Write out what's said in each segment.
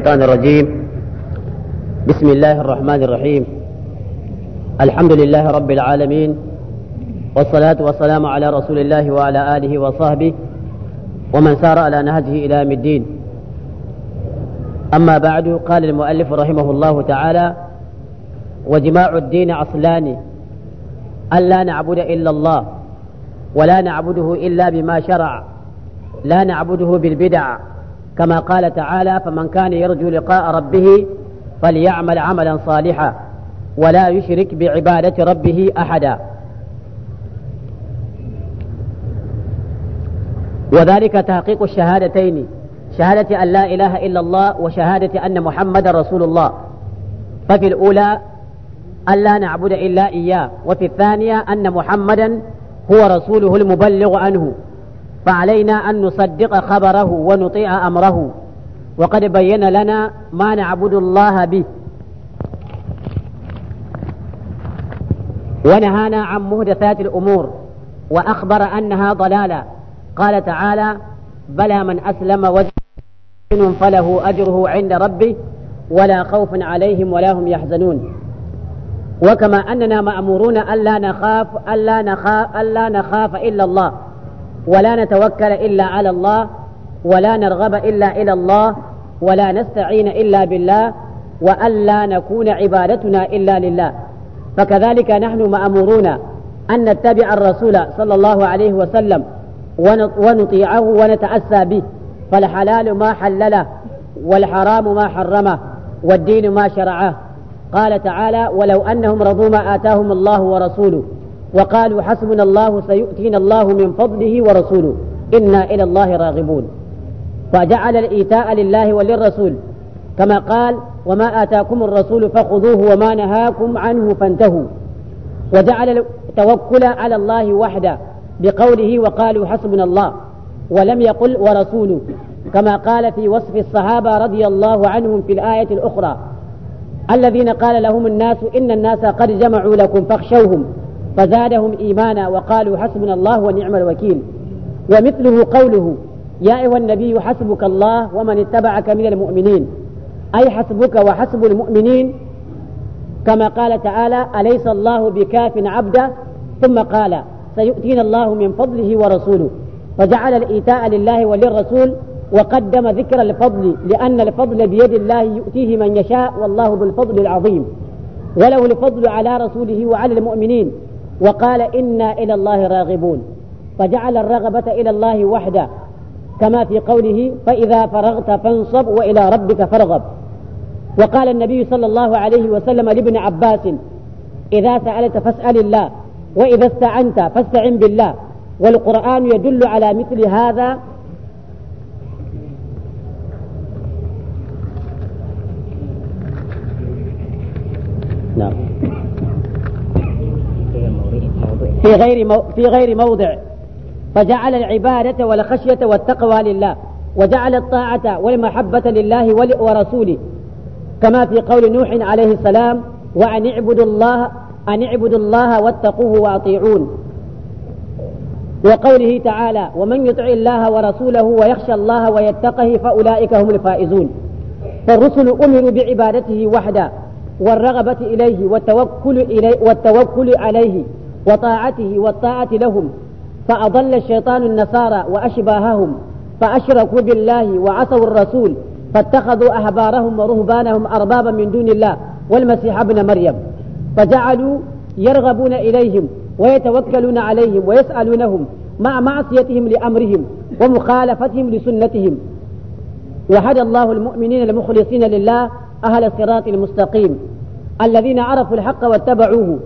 الشيطان الرجيم بسم الله الرحمن الرحيم الحمد لله رب العالمين والصلاة والسلام على رسول الله وعلى آله وصحبه ومن سار على نهجه إلى يوم الدين أما بعد قال المؤلف رحمه الله تعالى وجماع الدين أصلان ألا نعبد إلا الله ولا نعبده إلا بما شرع لا نعبده بالبدع كما قال تعالى فمن كان يرجو لقاء ربه فليعمل عملا صالحا ولا يشرك بعبادة ربه أحدا وذلك تحقيق الشهادتين شهادة أن لا إله إلا الله وشهادة أن محمد رسول الله ففي الأولى أن لا نعبد إلا إياه وفي الثانية أن محمدا هو رسوله المبلغ عنه فعلينا أن نصدق خبره ونطيع أمره وقد بين لنا ما نعبد الله به ونهانا عن مهدثات الأمور وأخبر أنها ضلالة قال تعالى بلى من أسلم وزن فله أجره عند ربه ولا خوف عليهم ولا هم يحزنون وكما أننا مأمورون ألا نخاف ألا نخاف ألا نخاف إلا الله ولا نتوكل إلا على الله ولا نرغب إلا إلى الله ولا نستعين إلا بالله وألا نكون عبادتنا إلا لله فكذلك نحن مأمورون أن نتبع الرسول صلى الله عليه وسلم ونطيعه ونتأسى به فالحلال ما حلله والحرام ما حرمه والدين ما شرعه قال تعالى ولو أنهم رضوا ما آتاهم الله ورسوله وقالوا حسبنا الله سيؤتينا الله من فضله ورسوله إنا إلى الله راغبون فجعل الإيتاء لله وللرسول كما قال وما آتاكم الرسول فخذوه وما نهاكم عنه فانتهوا وجعل التوكل على الله وحده بقوله وقالوا حسبنا الله ولم يقل ورسوله كما قال في وصف الصحابة رضي الله عنهم في الآية الأخرى الذين قال لهم الناس إن الناس قد جمعوا لكم فاخشوهم فزادهم إيمانا وقالوا حسبنا الله ونعم الوكيل ومثله قوله يا أيها النبي حسبك الله ومن اتبعك من المؤمنين أي حسبك وحسب المؤمنين كما قال تعالى أليس الله بكاف عبدا ثم قال سيؤتينا الله من فضله ورسوله فجعل الإيتاء لله وللرسول وقدم ذكر الفضل لأن الفضل بيد الله يؤتيه من يشاء والله ذو الفضل العظيم وله الفضل على رسوله وعلى المؤمنين وقال إنا إلى الله راغبون فجعل الرغبة إلى الله وحده كما في قوله فإذا فرغت فانصب وإلى ربك فارغب وقال النبي صلى الله عليه وسلم لابن عباس إذا سألت فاسأل الله وإذا استعنت فاستعن بالله والقرآن يدل على مثل هذا نعم غير في غير موضع فجعل العبادة والخشية والتقوى لله وجعل الطاعة والمحبة لله ورسوله كما في قول نوح عليه السلام وأن اعبدوا الله أن اعبدوا الله واتقوه وأطيعون وقوله تعالى ومن يطع الله ورسوله ويخشى الله ويتقه فأولئك هم الفائزون فالرسل أمروا بعبادته وحده والرغبة إليه والتوكل, إليه والتوكل عليه وطاعته والطاعة لهم فأضل الشيطان النصارى وأشباههم فأشركوا بالله وعصوا الرسول فاتخذوا أحبارهم ورهبانهم أربابا من دون الله والمسيح ابن مريم فجعلوا يرغبون إليهم ويتوكلون عليهم ويسألونهم مع معصيتهم لأمرهم ومخالفتهم لسنتهم وحد الله المؤمنين المخلصين لله أهل الصراط المستقيم الذين عرفوا الحق واتبعوه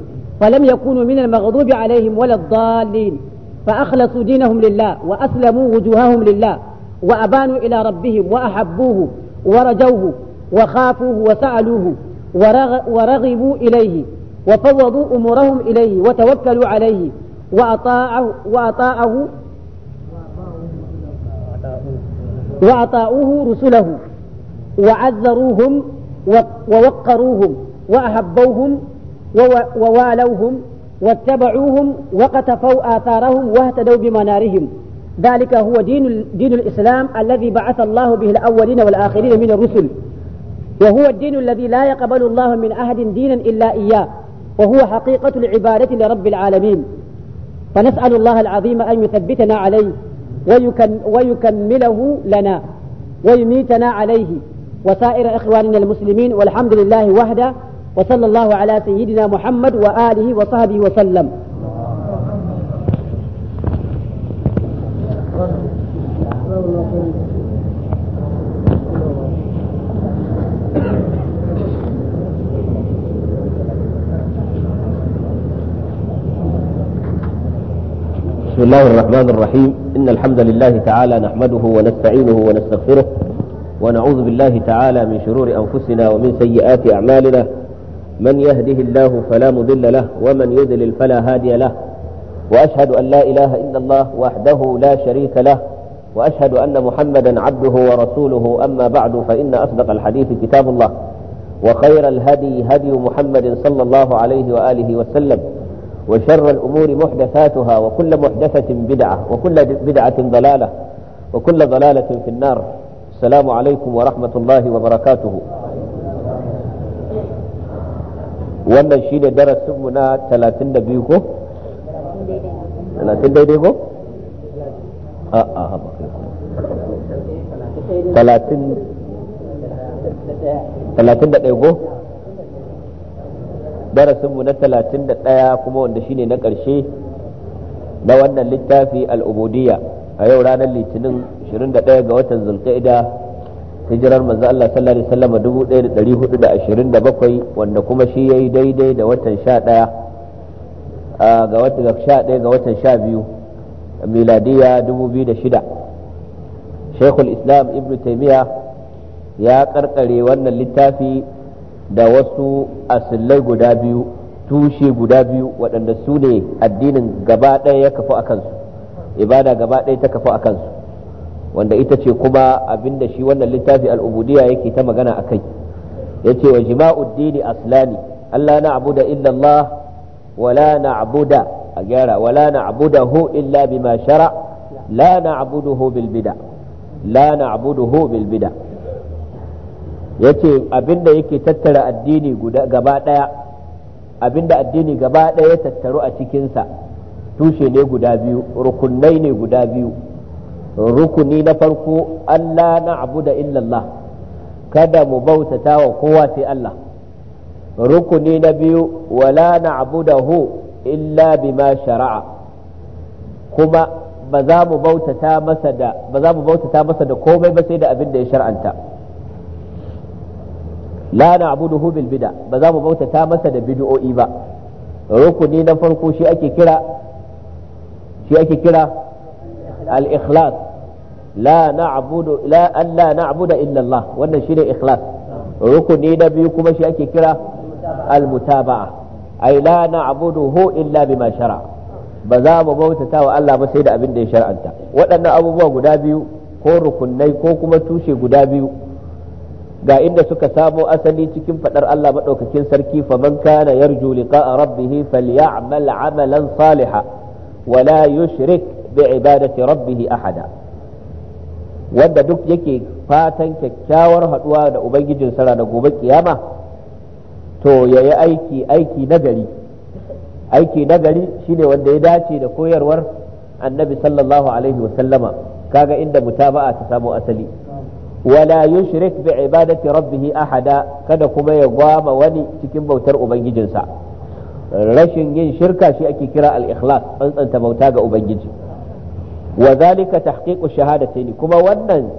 فلم يكونوا من المغضوب عليهم ولا الضالين فأخلصوا دينهم لله وأسلموا وجوههم لله وأبانوا إلى ربهم وأحبوه ورجوه وخافوه وسألوه ورغبوا إليه وفوضوا أمورهم إليه وتوكلوا عليه وأطاعه, وأطاعه وأطاعوه رسله وعذروهم ووقروهم وأحبوهم ووالوهم واتبعوهم وقتفوا آثارهم واهتدوا بمنارهم ذلك هو دين دين الإسلام الذي بعث الله به الأولين والآخرين من الرسل وهو الدين الذي لا يقبل الله من أحد دينا إلا إياه وهو حقيقة العبادة لرب العالمين فنسأل الله العظيم أن يثبتنا عليه ويكمله لنا ويميتنا عليه وسائر إخواننا المسلمين والحمد لله وحده وصلى الله على سيدنا محمد وآله وصحبه وسلم بسم الله الرحمن الرحيم إن الحمد لله تعالى نحمده ونستعينه ونستغفره ونعوذ بالله تعالى من شرور أنفسنا ومن سيئات أعمالنا من يهده الله فلا مضل له ومن يضلل فلا هادي له واشهد ان لا اله الا الله وحده لا شريك له واشهد ان محمدا عبده ورسوله اما بعد فان اصدق الحديث كتاب الله وخير الهدي هدي محمد صلى الله عليه واله وسلم وشر الامور محدثاتها وكل محدثه بدعه وكل بدعه ضلاله وكل ضلاله في النار السلام عليكم ورحمه الله وبركاته wannan shi ne darasinmu na 32 ko? 30 daidai ko? a haba talatin da ɗaya ko? darasinmu na talatin da ɗaya kuma wanda shi ne na ƙarshe na wannan littafi al'ubudiyya a yau ranar litinin 21 ga watan zulka'ida hijirar manzo Allah sallallahu alaihi wasallam 1427 wanda kuma shi yayi daidai da watan 11 ga watan 11 ga watan 12 miladiya 2006 Sheikhul Islam Ibn Taymiyyah ya karkare wannan littafi da wasu asillai guda biyu tushe guda biyu waɗanda su ne addinin gaba ɗaya ya kafu a kansu ibada gaba ɗaya ta kafu a kansu wanda ita ce kuma abinda shi wannan littafi al'ubudiyya yake ta magana a kai ya ce wa jima'uddini aslani Allah na abuda illa Allah wala na abuda a gyara wala na hu illa bima shara la na abuduhu bil bida la na abuduhu bil bida yace abinda yake tattara addini guda gaba daya abinda addini gaba daya tattaru a cikinsa tushe ne guda biyu rukunai ne guda biyu rukuni na farko Allah na abu da illallah kada mu bautata wa kowa sai Allah rukuni na biyu wala na abu da hu illa bima shara'a kuma ba za mu bautata masa da ba za mu bautata masa da komai ba sai da abin da ya shar'anta la na abu da hu bil bida ba za mu bautata masa da bid'o'i ba rukuni na farko shi ake kira shi ake kira al-ikhlas la na'budu la an la na'budu illa Allah wannan shine ikhlas rukuni na biyu kuma shi ake kira al-mutaba'a ai la na'buduhu illa bima shara ba za mu bautata wa Allah ba sai da abin da ya shar'anta waɗannan abubuwa guda biyu ko rukunai ko kuma tushe guda biyu ga inda suka samo asali cikin fadar Allah madaukakin sarki fa faman kana yarju liqa'a rabbih falyamal amalan salihan wala yushrik bi'ibadati rabbih ahada wanda duk yake fatan kyakkyawar haɗuwa da ubangijin sara da gobe kiyama to ya yi aiki aiki nagari aiki nagari shine wanda ya dace da koyarwar annabi sallallahu alaihi wasallama kaga inda mutaba'a ta samu asali wala yushrik bi ibadati rabbih ahada kada kuma ya gwama wani cikin bautar ubangijinsa rashin yin shirka shi ake kira al-ikhlas tsantsanta bauta ga ubangiji wa zalika tahqiqu shahadatayn kuma wannan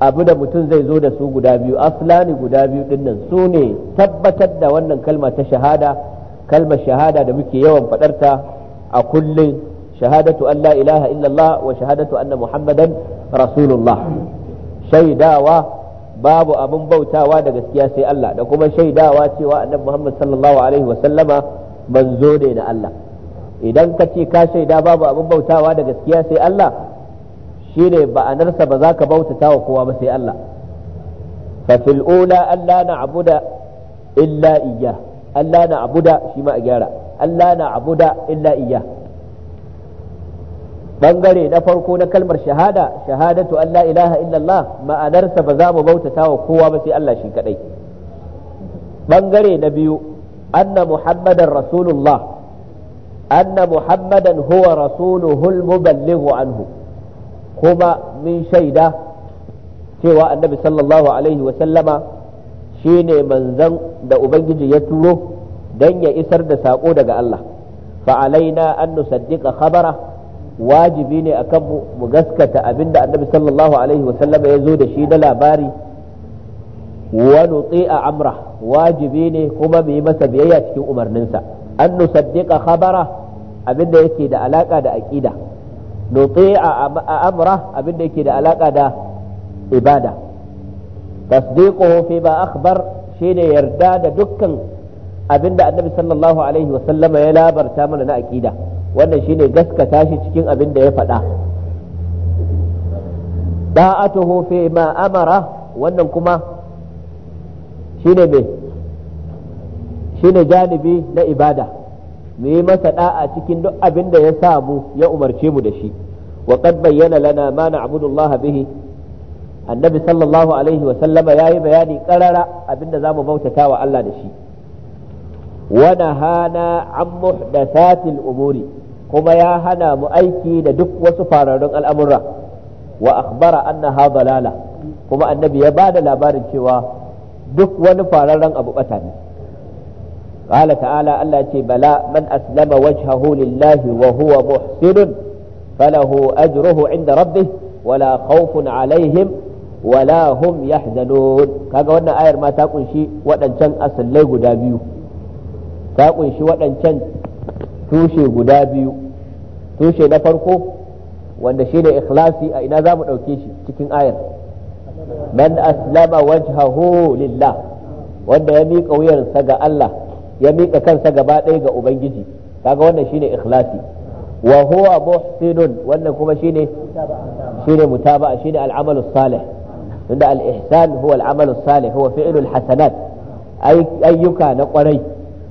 abu da mutum zai zo da su guda biyu aslani guda biyu dinnan su ne tabbatar da wannan kalma ta shahada kalmar shahada da muke yawan faɗarta a kullum shahadatu an la illallah wa shahadatu anna muhammadan rasulullah shaidawa babu abin bautawa da gaskiya sai Allah da kuma shaidawa cewa annabi muhammad sallallahu alaihi wa sallama manzo ne na Allah idan ka ce ka shaida babu abin bautawa da gaskiya sai Allah shi ne ba'anarsa ba za ka bautata wa kowa ba sai Allah fa ula allah na na'buda illa iya allah na na'buda shi ma a gyara allah na na'buda illa iya. bangare na farko na kalmar shahada shahadatu allah la ilaha illallah ma'anarsa ba za mu bautata wa kowa ba sai Allah shi kadai bangare na biyu anna muhammadar rasulullah أن محمدا هو رسوله المبلغ عنه كما من شيدة سوى النبي صلى الله عليه وسلم شيني من زن دا أبنجي يتلو دن يسر دا ساقو دا الله فعلينا أن نصدق خبره wajibi ne a mu gaskata abinda annabi sallallahu alaihi wasallama ya zo da shi da labari wa a amra wajibi ne kuma mu masa biyayya cikin umarninsa Annu nusaddiqa khabara abinda yake da alaka da aqida a amra abinda yake da alaka da ibada tasdiquhu fi ma akhbar shine yarda da dukkan abinda annabi sallallahu alaihi wasallama ya labarta mana na aqida wannan shine gaskata shi cikin abinda ya faɗa da'atuhu fi ma amara wannan kuma shine me shine janibi na ibada mu yi masa da'a cikin duk abin da ya samu ya umarce mu da shi wa qad bayyana lana ma na'budu bihi annabi sallallahu alaihi wa sallama yayi bayani karara abinda zamu bautata wa Allah da shi wa nahana an muhdathatil umuri kuma ya hana mu aiki da duk wasu fararrun al'amura wa akhbara annaha dalala kuma annabi ya bada labarin cewa duk wani fararren abu bata ne qala ta'ala Allah ce bala man aslama wajhahu lillahi wa huwa muhsin falahu ajruhu inda rabbi wala khawfun alaihim wala hum yahzanun kaga wannan ayar ma ta kunshi waɗancan asallai guda biyu ta kunshi waɗancan tushe guda na farko wanda shi ne ikhlasi a ina zamu mu ɗauke shi cikin ayar man aslama wajhahu lillah wanda ya miƙa wuyarsa ga Allah ya miƙa kansa gaba ɗaya ga ubangiji kaga wannan shine ikhlasi wa huwa muhsinun wannan kuma shine shine mutaba'a shine al'amalu salih tunda al-ihsan huwa al'amalu salih huwa fi'lul hasanat ayyuka na kwarai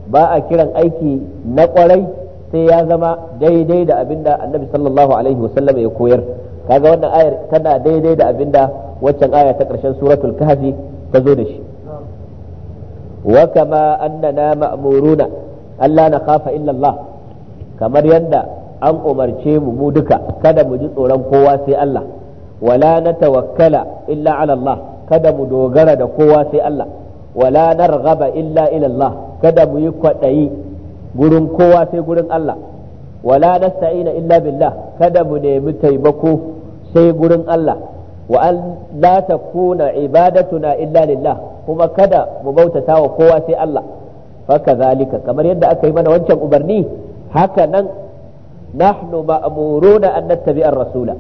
ba a kiran aiki na kwarai sai ya zama daidai da abinda annabi sallallahu alaihi ya koyar kaga wannan ayar tana daidai da abinda waccan aya ta ƙarshen suratul kahfi ta zo da shi وكما أننا مأمورون ألا نخاف إلا الله كما يندى أن أمرتي مودك كذا مجد أولم قواسي الله ولا نتوكل إلا على الله كذا مدوغرد قواسي الله ولا نرغب إلا إلى الله كذا ميكوتي قرن قواسي قرن الله ولا نستعين إلا بالله كذا منيمتي بكو سي قرن الله وأن لا تكون عبادتنا إلا لله kuma kada mu bautata wa kowa sai Allah faka zalika kamar yadda aka yi mana wancan umarni haka nan nahnu ma'muruna an nattabi'ar rasula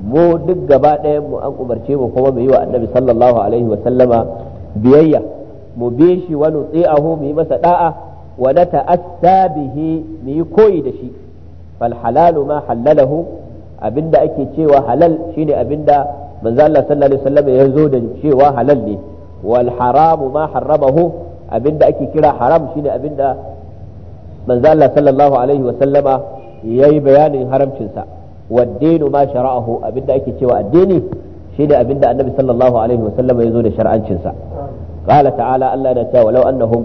mu duk gaba ɗayan mu an umarce mu kuma mu yi wa annabi sallallahu alaihi wa sallama biyayya mu bi shi wa nuti'ahu mu yi masa da'a wa nata'assa bihi mu yi koyi da shi fal halalu ma halalahu abinda ake cewa halal shine abinda manzo Allah sallallahu alaihi wasallam ya zo da cewa halal ne wal haramu ma harramahu abinda ake kira haram shine abinda manzo Allah sallallahu alaihi wa sallama yayi bayanin haramcinsa sa waddinu ma shara'ahu abinda ake cewa addini shine abinda annabi sallallahu alaihi wa sallama yazo da shar'ancin sa qala ta'ala Allah da ta walau annahum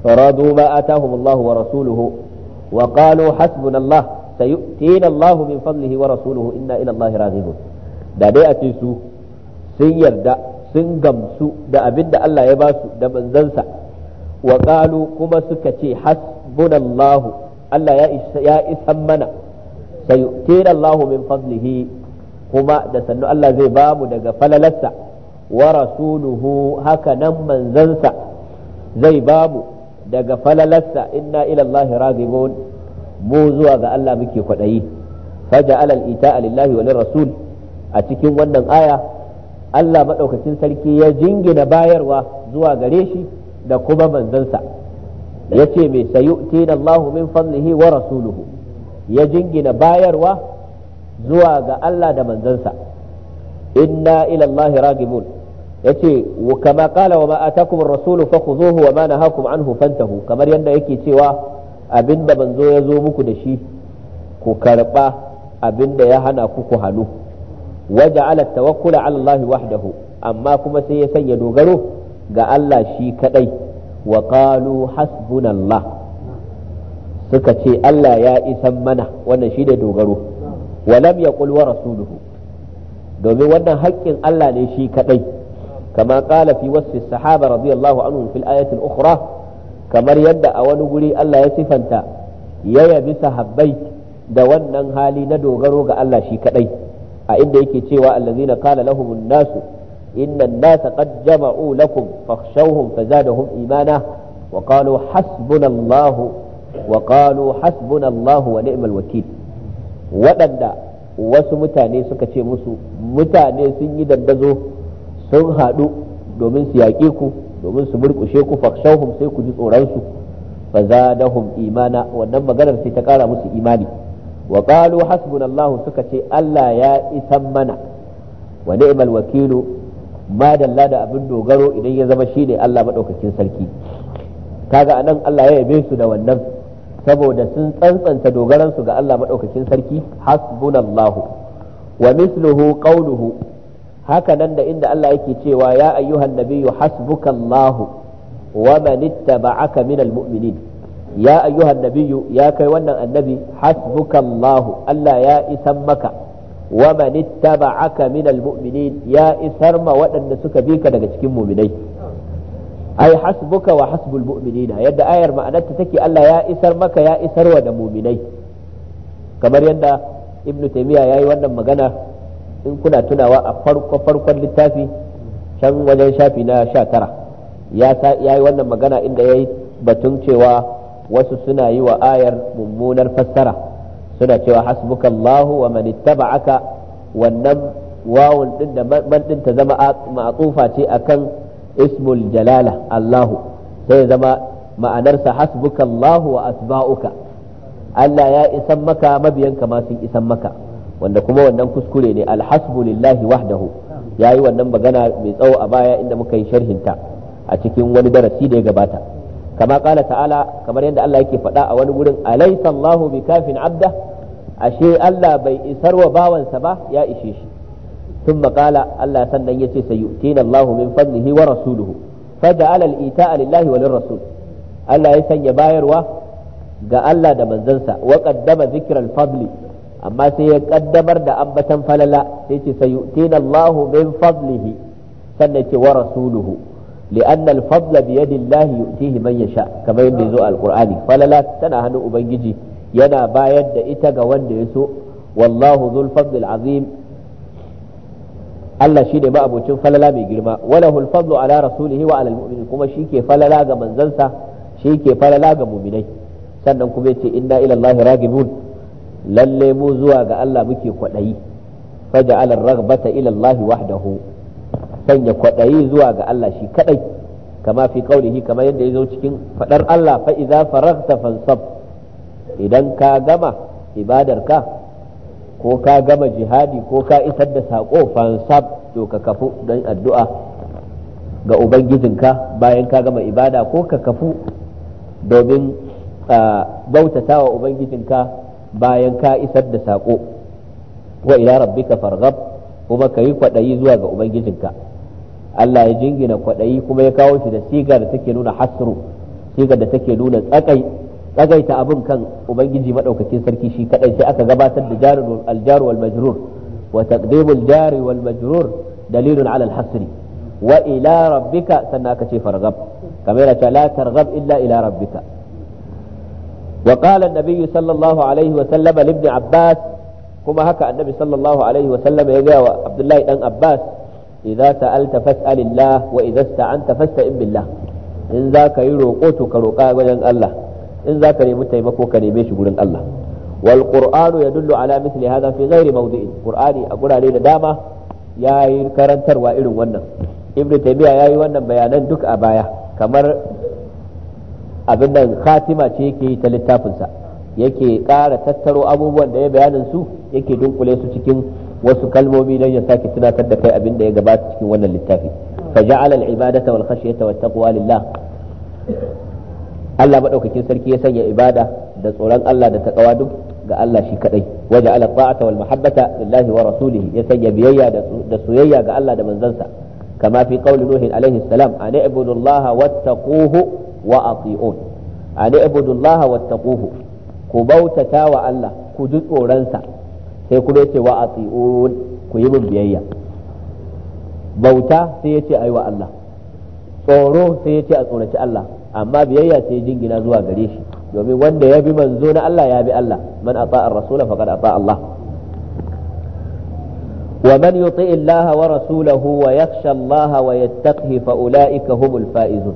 radu ma atahum Allah wa rasuluhu wa qalu hasbuna Allah sayu'tina Allah min fadlihi wa rasuluhu inna ila Allah raghibun da a ce su sun yarda sun gamsu da abin da Allah ya ba su da manzansa wa kuma suka ce hasbunallahu Allah ya isan mana sayu'tina Allahu min fadlihi kuma da sannu Allah zai ba mu daga falalarsa wa rasuluhu haka nan manzansa zai ba mu daga falalarsa inna ila Allah raghibun mu zuwa ga Allah muke kwaɗayi faja alal ita lillahi wa lirrasul a cikin wannan aya Allah maɗaukacin sarki ya jingina bayarwa zuwa gare shi da kuma manzansa ya ce mai sayu'tina Allahu min fadlihi wa rasuluhu ya jingina bayarwa zuwa ga Allah da manzansa inna ila Allah ragibun yace kama qala wa ma atakum ar-rasulu fakhuzuhu wa ma nahakum anhu fantahu kamar yadda yake cewa abinda manzo ya zo muku da shi ku karba abinda ya hana ku ku halu waja'ala tawakkula 'ala Allah wahdahu amma kuma sai ya sanya dogaro ga Allah shi kadai wa qalu hasbunallah suka ce Allah ya isan mana wannan shi da dogaro wa ya yaqul wa rasuluhu domin wannan haƙƙin Allah ne shi kadai kama qala fi wasfi sahaba radiyallahu anhum fil ayati al-ukhra kamar yadda a wani guri Allah ya sifanta ya yabi sahabbai da wannan hali na dogaro ga Allah shi kadai a inda yake cewa allazina qala lahum nasu innan nasa qad jama'u lakum fakhshawhum fazadahum imana wa qalu hasbunallahu wa qalu hasbunallahu wa ni'mal wakil waɗanda wasu mutane suka ce musu mutane sun yi dandazo sun haɗu domin su yaƙe ku domin su burkushe ku fakhshawhum sai ku ji tsoron fazadahum imana wannan maganar sai ta ƙara musu imani wa hasbunallahu suka ce Allah ya isa mana wa ni'mal wakilu madala da abin dogaro idan ya zama shine Allah madaukakin sarki kaga anan Allah ya yabe su da wannan saboda sun tsantsanta dogaran su ga Allah madaukakin sarki hasbunallahu wa misluhu qawluhu haka nan da inda Allah yake cewa ya ayyuhan nabiyyu hasbukallahu wa man ittaba'aka minal mu'minin ya ayyuhan nabiyyu ya kai wannan annabi hasbukallahu Allah ya isan maka wa man ittaba'aka minal mu'minin ya isar ma waɗanda suka bi ka daga cikin mu'minai ai hasbuka wa hasbul mu'minina yadda ayar ma'anarta take Allah ya isar maka ya isarwa da mu'minai kamar yadda ibnu taymiya yayi wannan magana in kuna tunawa a farko farkon littafi can wajen shafi na 19 ya yi wannan magana inda yayi batun cewa wasu suna yi wa ayar mummunar fassara suna cewa hasbukallahu wa man ittaba'aka wannan wawun din da man din ta zama ma'tufa ce akan ismul jalala Allahu sai zama ma'anarsa hasbukallahu wa asba'uka Allah ya isan maka mabiyanka ma sun isan maka wanda kuma wannan kuskure ne alhasbu lillahi wahdahu yayi wannan magana mai tsawo a baya inda muka yi sharhinta a cikin wani darasi da ya gabata kama kala ta'ala kamar yadda Allah yake faɗa a wani wurin alaysa Allahu bikafin abda ashe Allah bai isar wa bawansa ba ya ishe shi ثم قال الله سنن يتي سيؤتينا الله من فضله ورسوله فجعل الإيتاء لله وللرسول الله sanya bayarwa ga Allah da manzansa wa qaddama zikral fadli amma sai ya kaddamar da abbatan falala sai ce sayo Allahu min fadlihi sannan wa rasuluhu لأن الفضل بيد الله يؤتيه من يشاء كما يبدو القرآن فلا لا تنهن أبنجي ينا بايد إتغا وند يسوء والله ذو الفضل العظيم Allah shi ma'abocin falala mai girma walahul fadlu ala rasulihi wa kuma shi ke falala ga manzansa shi ke falala ga mu'minai sannan kuma yace inna ila Allah ragibun lalle mu zuwa ga Allah muke kwaɗayi faja'ala ragbata ila Allah wahdahu ya kwaɗayi zuwa ga Allah shi kaɗai kama fi qaulihi kamar yadda ya zo cikin faɗar Allah fa idza faraghta fansab idan ka gama ibadarka ko ka gama jihadi ko ka isar da saƙo fansab to ka kafu don addu'a ga ubangijinka bayan ka gama ibada ko ka kafu domin bautata wa ubangijinka bayan ka isar da sako wa ila rabbika farghab kuma ka yi kwaɗayi zuwa ga ubangijinka Allah ya jingina kwaɗayi kuma ya kawo shi da sigar da take nuna hasru sigar da take nuna tsakai tsagaita abin kan ubangiji madaukakin sarki shi kadai sai aka gabatar da jarul aljar wal majrur wa taqdimul jar wal majrur dalilun ala al hasri wa ila rabbika sannan aka ce farghab kamar yana la targhab illa ila rabbika wa qala an-nabiy sallallahu alaihi wa sallam li ibn abbas kuma haka annabi sallallahu alaihi wa sallam ya ga wa abdullahi dan abbas idza ta'alta fas'alillah wa idza sta'anta fasta'in billah in za ka yi roƙo to ka roƙa wajen Allah in za ka nemi taimako ka neme shi gurin Allah wal qur'anu yadullu ala mithli hadha fi ghairi mawdi'in qur'ani a gurare da dama yayi karantarwa irin wannan ibnu taymiya yayi wannan bayanan duk a baya kamar abin nan khatima ce yake yi ta littafinsa yake ƙara tattaro abubuwan da ya bayanin su yake dunkule su cikin wasu kalmomi don ya sake tunatar da kai abin da ya gabata cikin wannan littafi fa ja'ala al-ibadata wal khashyata wat taqwa lillah Allah madaukakin sarki ya sanya ibada da tsoron Allah da taqwa duk ga Allah shi kadai waje ala ta'ata wal mahabbata lillahi wa rasulihi ya sanya biyayya da soyayya ga Allah da manzansa kama fi qawli nuh alaihi salam an ibudu Allah wattaquhu wa ati'un an ibudu Allah wattaquhu ku bautata wa Allah ku ji tsoron sai kuma yace wa atiun ku yi min biyayya bauta sai yace ayi wa Allah tsoro sai yace a tsoraci Allah amma biyayya sai jingina zuwa gare shi domin wanda ya bi manzo na Allah ya bi Allah man ata ar-rasula faqad ata Allah wa man yuti Allah wa rasulahu wa yakhsha Allah wa yattaqi fa ulaika humul faizun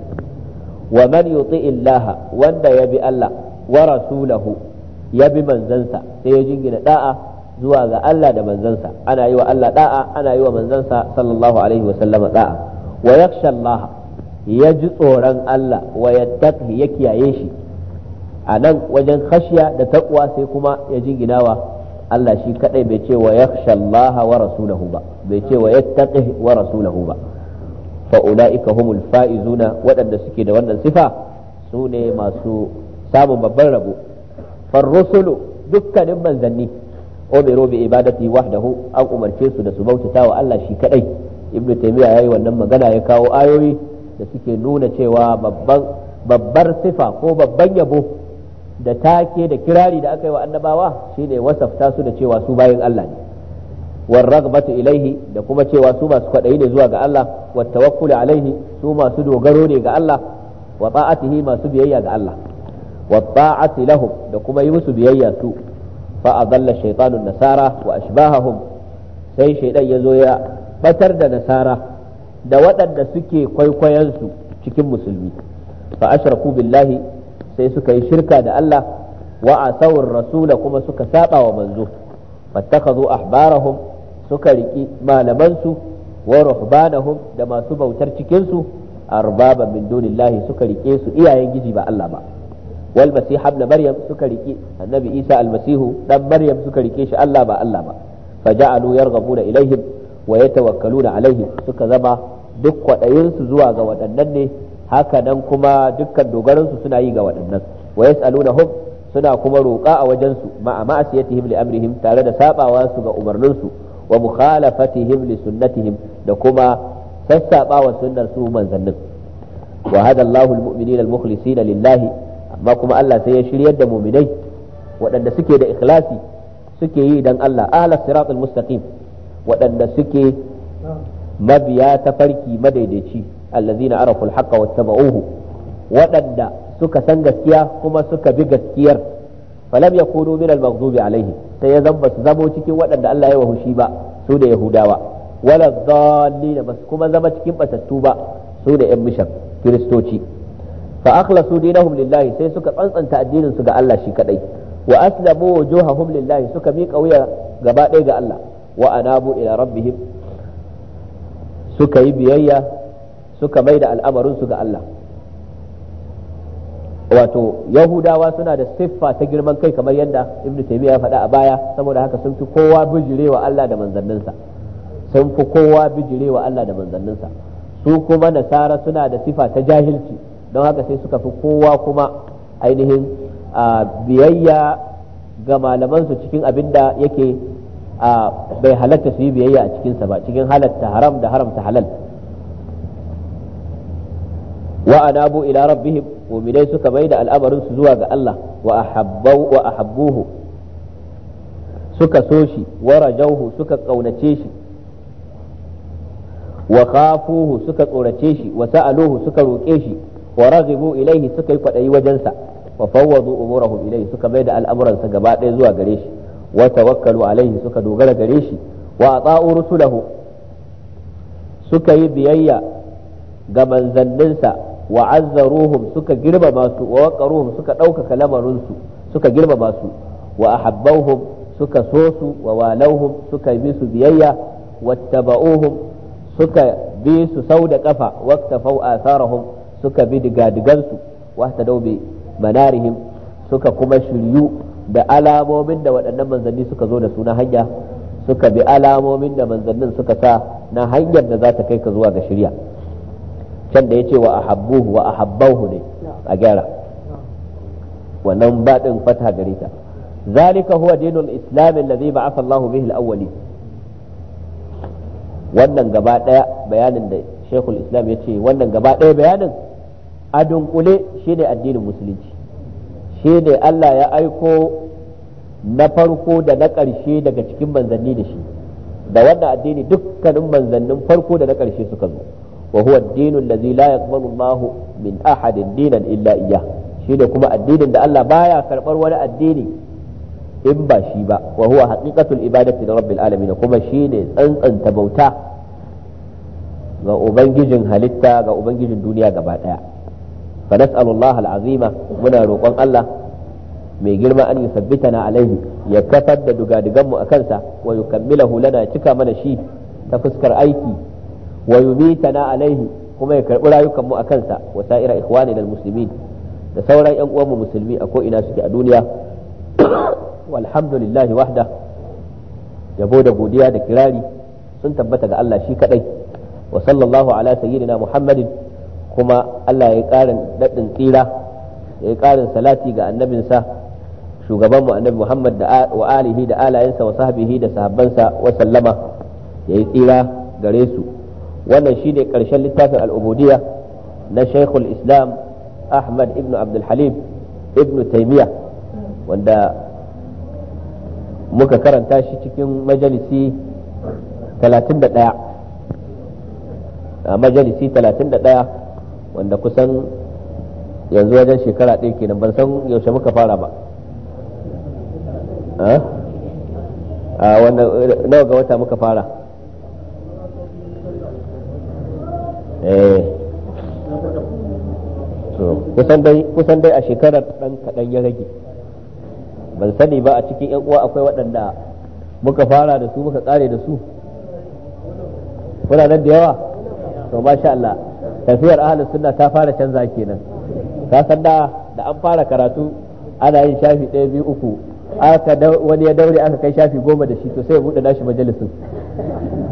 wa man yuti Allah wanda ya bi Allah wa rasulahu ya bi manzansa sai ya jingina da'a zuwa ga Allah da manzansa ana yi wa Allah da'a ana yi wa manzansa sallallahu alaihi sallama da'a wa yakhsha Allah ya ji tsoron Allah wa yattaqi ya kiyaye shi a nan wajen khashiya da taqwa sai kuma ya jinginawa Allah shi kadai bai ce wa yakhsha Allah wa rasulahu ba bai ce wa yattaqi wa rasulahu ba fa ulaika humul faizuna waɗanda suke da wannan sifa su ne masu samun babban rabo fa rusulu dukkanin manzanni umiru bi ibadati wahdahu an umarce su da su bautata wa Allah shi kadai ibn taymiya yayi wannan magana ya kawo ayoyi da suke nuna cewa babban babbar sifa ko babban yabo da take da kirari da aka yi wa annabawa shine wasafta su da cewa su bayin Allah ne war raghbatu ilaihi da kuma cewa su masu kwadayi ne zuwa ga Allah wat tawakkul alaihi su masu dogaro ne ga Allah wa ta'atihi masu biyayya ga Allah wa ta'ati lahum da kuma yi musu biyayya su fa zalla shaytanu nasara wa ashbahahum sai ya zo ya batar da nasara da waɗanda suke kwaikwayon su cikin musulmi fa ashraku billahi sai suka yi shirka da Allah wa asawur rasula kuma suka saba wa manzo fattakhadhu ahbarahum suka riki malaman su wa ruhbanahum da masu bautar cikin su arbaban min dunillahi suka rike su iyayen giji ba Allah ba wal masih ibn maryam suka rike annabi isa almasihu masihu dan maryam suka rike shi Allah ba Allah ba rabu yarghabuna ilaihim wa yatawakkaluna alaihim suka zama duk kwadayin zuwa ga waɗannan ne hakanan kuma dukkan dogaran suna yi ga waɗannan wa yas'alunahum suna kuma roƙa a wajen su ma'a ma'asiyatihim li amrihim tare da sabawa su ga umarnin su wa mukhalafatihim li sunnatihim da kuma sassabawa sunnar su manzannin wa hada Allahul mu'minina al-mukhlisina lillahi amma kuma Allah sai ya shiryar da muminai waɗanda suke da ikhlasi suke yi dan Allah ahla siratul mustaqim waɗanda suke mabiya ta farki madaidaici allazina araful haqqa wattaba'uhu waɗanda suka san gaskiya kuma suka bi gaskiyar falam yakunu min al-maghdubi alaihim sai ya zamba su zamo cikin waɗanda Allah ya wahushi ba su da yahudawa wala dhallina bas kuma zama cikin batattu ba su da yan mishan kiristoci fa akhlasu dinahum lillahi sai suka tsantsanta addinin su ga Allah shi kadai wa aslamu wujuhahum lillahi suka miƙa wuya gaba ɗaya ga Allah wa anabu ila rabbihim suka yi biyayya suka mai da al'amarin su ga Allah wato yahudawa suna da siffa ta girman kai kamar yadda ibnu taymiya ya faɗa a baya saboda haka sun fi kowa bijirewa Allah da manzanninsa sun fi kowa bijirewa Allah da manzanninsa su kuma nasara suna da sifa ta jahilci don haka sai suka fi kowa kuma ainihin biyayya ga malamansu cikin abin da yake bai halatta su yi biyayya a cikinsa ba cikin halatta haram da haramta halal wa anabu ila rabbihim mu'minai suka mai da al'amarin su zuwa ga Allah wa ahabbu wa ahabbuhu suka so shi wa rajauhu suka kaunace shi wa khafuhu suka tsorace shi wa sa'aluhu suka roƙe shi wa raghibu ilayhi suka yi kwadayi wajen sa wa fawwadu umurahum ilayhi suka bai da al'amuran sa gaba ɗaya zuwa gare shi wa tawakkalu alayhi suka dogara gare shi wa ata'u rusulahu suka yi biyayya ga manzanninsa wa azzaruhum suka girmama su wa waqaruhum suka ɗaukaka lamarinsu suka girmama su wa ahabbauhum su bi su biyayya wattaba'uhum suka bi su sau da kafa suka bi digadigansu wa ta daube manarihim suka kuma shiryu da alamomin da waɗannan manzanni suka zo da su na hanya suka bi alamomin da manzannin suka sa na hanyar da za ta kai ka zuwa ga shirya can da ya ce wa ahabbuhu wa ahabbahu ne a gyara wannan baɗin fata gare ta zalika huwa dinul islam alladhi ba'atha Allahu bihi al-awwali wannan gaba daya bayanin da Sheikhul Islam ya ce wannan gaba daya bayanin a dunkule shine addinin musulunci shine Allah ya aiko na farko da na ƙarshe daga cikin manzanni da shi da wannan addini dukkanin manzannin farko da na ƙarshe suka zo wa huwa ad da allazi la yaqbalu Allah min ahadin dinan illa iyyah shine kuma addinin da Allah baya karbar wani addini in ba shi ba wa huwa haqiqatul ibadati rabbil alamin kuma shine tsantsanta bauta ga ubangijin halitta ga ubangijin duniya gaba daya fa nas'alullah azima muna rokon Allah mai girma an yusabbitana alaihi ya kafar da dugadugan mu akan sa wa yukammilahu lana cika mana shi ta fuskar aiki wa yumitana alaihi kuma ya karbi rayukan mu akan sa wa sa'ira ikhwanina almuslimin da sauran yan uwan mu musulmi a ko ina suke a duniya walhamdulillah wahda yabo da godiya da kirari sun tabbata ga Allah shi kadai wa sallallahu ala sayyidina muhammadin kuma Allah ya yi ƙarin daɗin tsira ya yi ƙarin salati ga annabinsa shugaban annabi Muhammad da wa alihi da alayensa wa sahbihi da sahabbansa wa sallama ya yi tsira gare su wannan shine ƙarshen littafin al'ubudiyya na Shaikhul Islam Ahmad ibn Abdul Halim ibn taimiyya wanda muka karanta shi cikin majalisi 31 a majalisi 31 wanda kusan yanzu wajen shekara ɗaya kenan ban san yaushe muka fara ba ah? a wanda nawa ga wata muka fara eh kusan dai a shekarar ɗan kaɗan ya rage ban sani ba a cikin 'yan uwa akwai waɗanda muka fara da su muka ƙare da su kuna nan da yawa to sha Allah tafiyar ahalin sunna ta fara canza kenan ka san da da an fara karatu ana yin shafi ɗaya biyu uku aka wani ya daure aka kai shafi goma da shi to sai ya buɗe nashi majalisin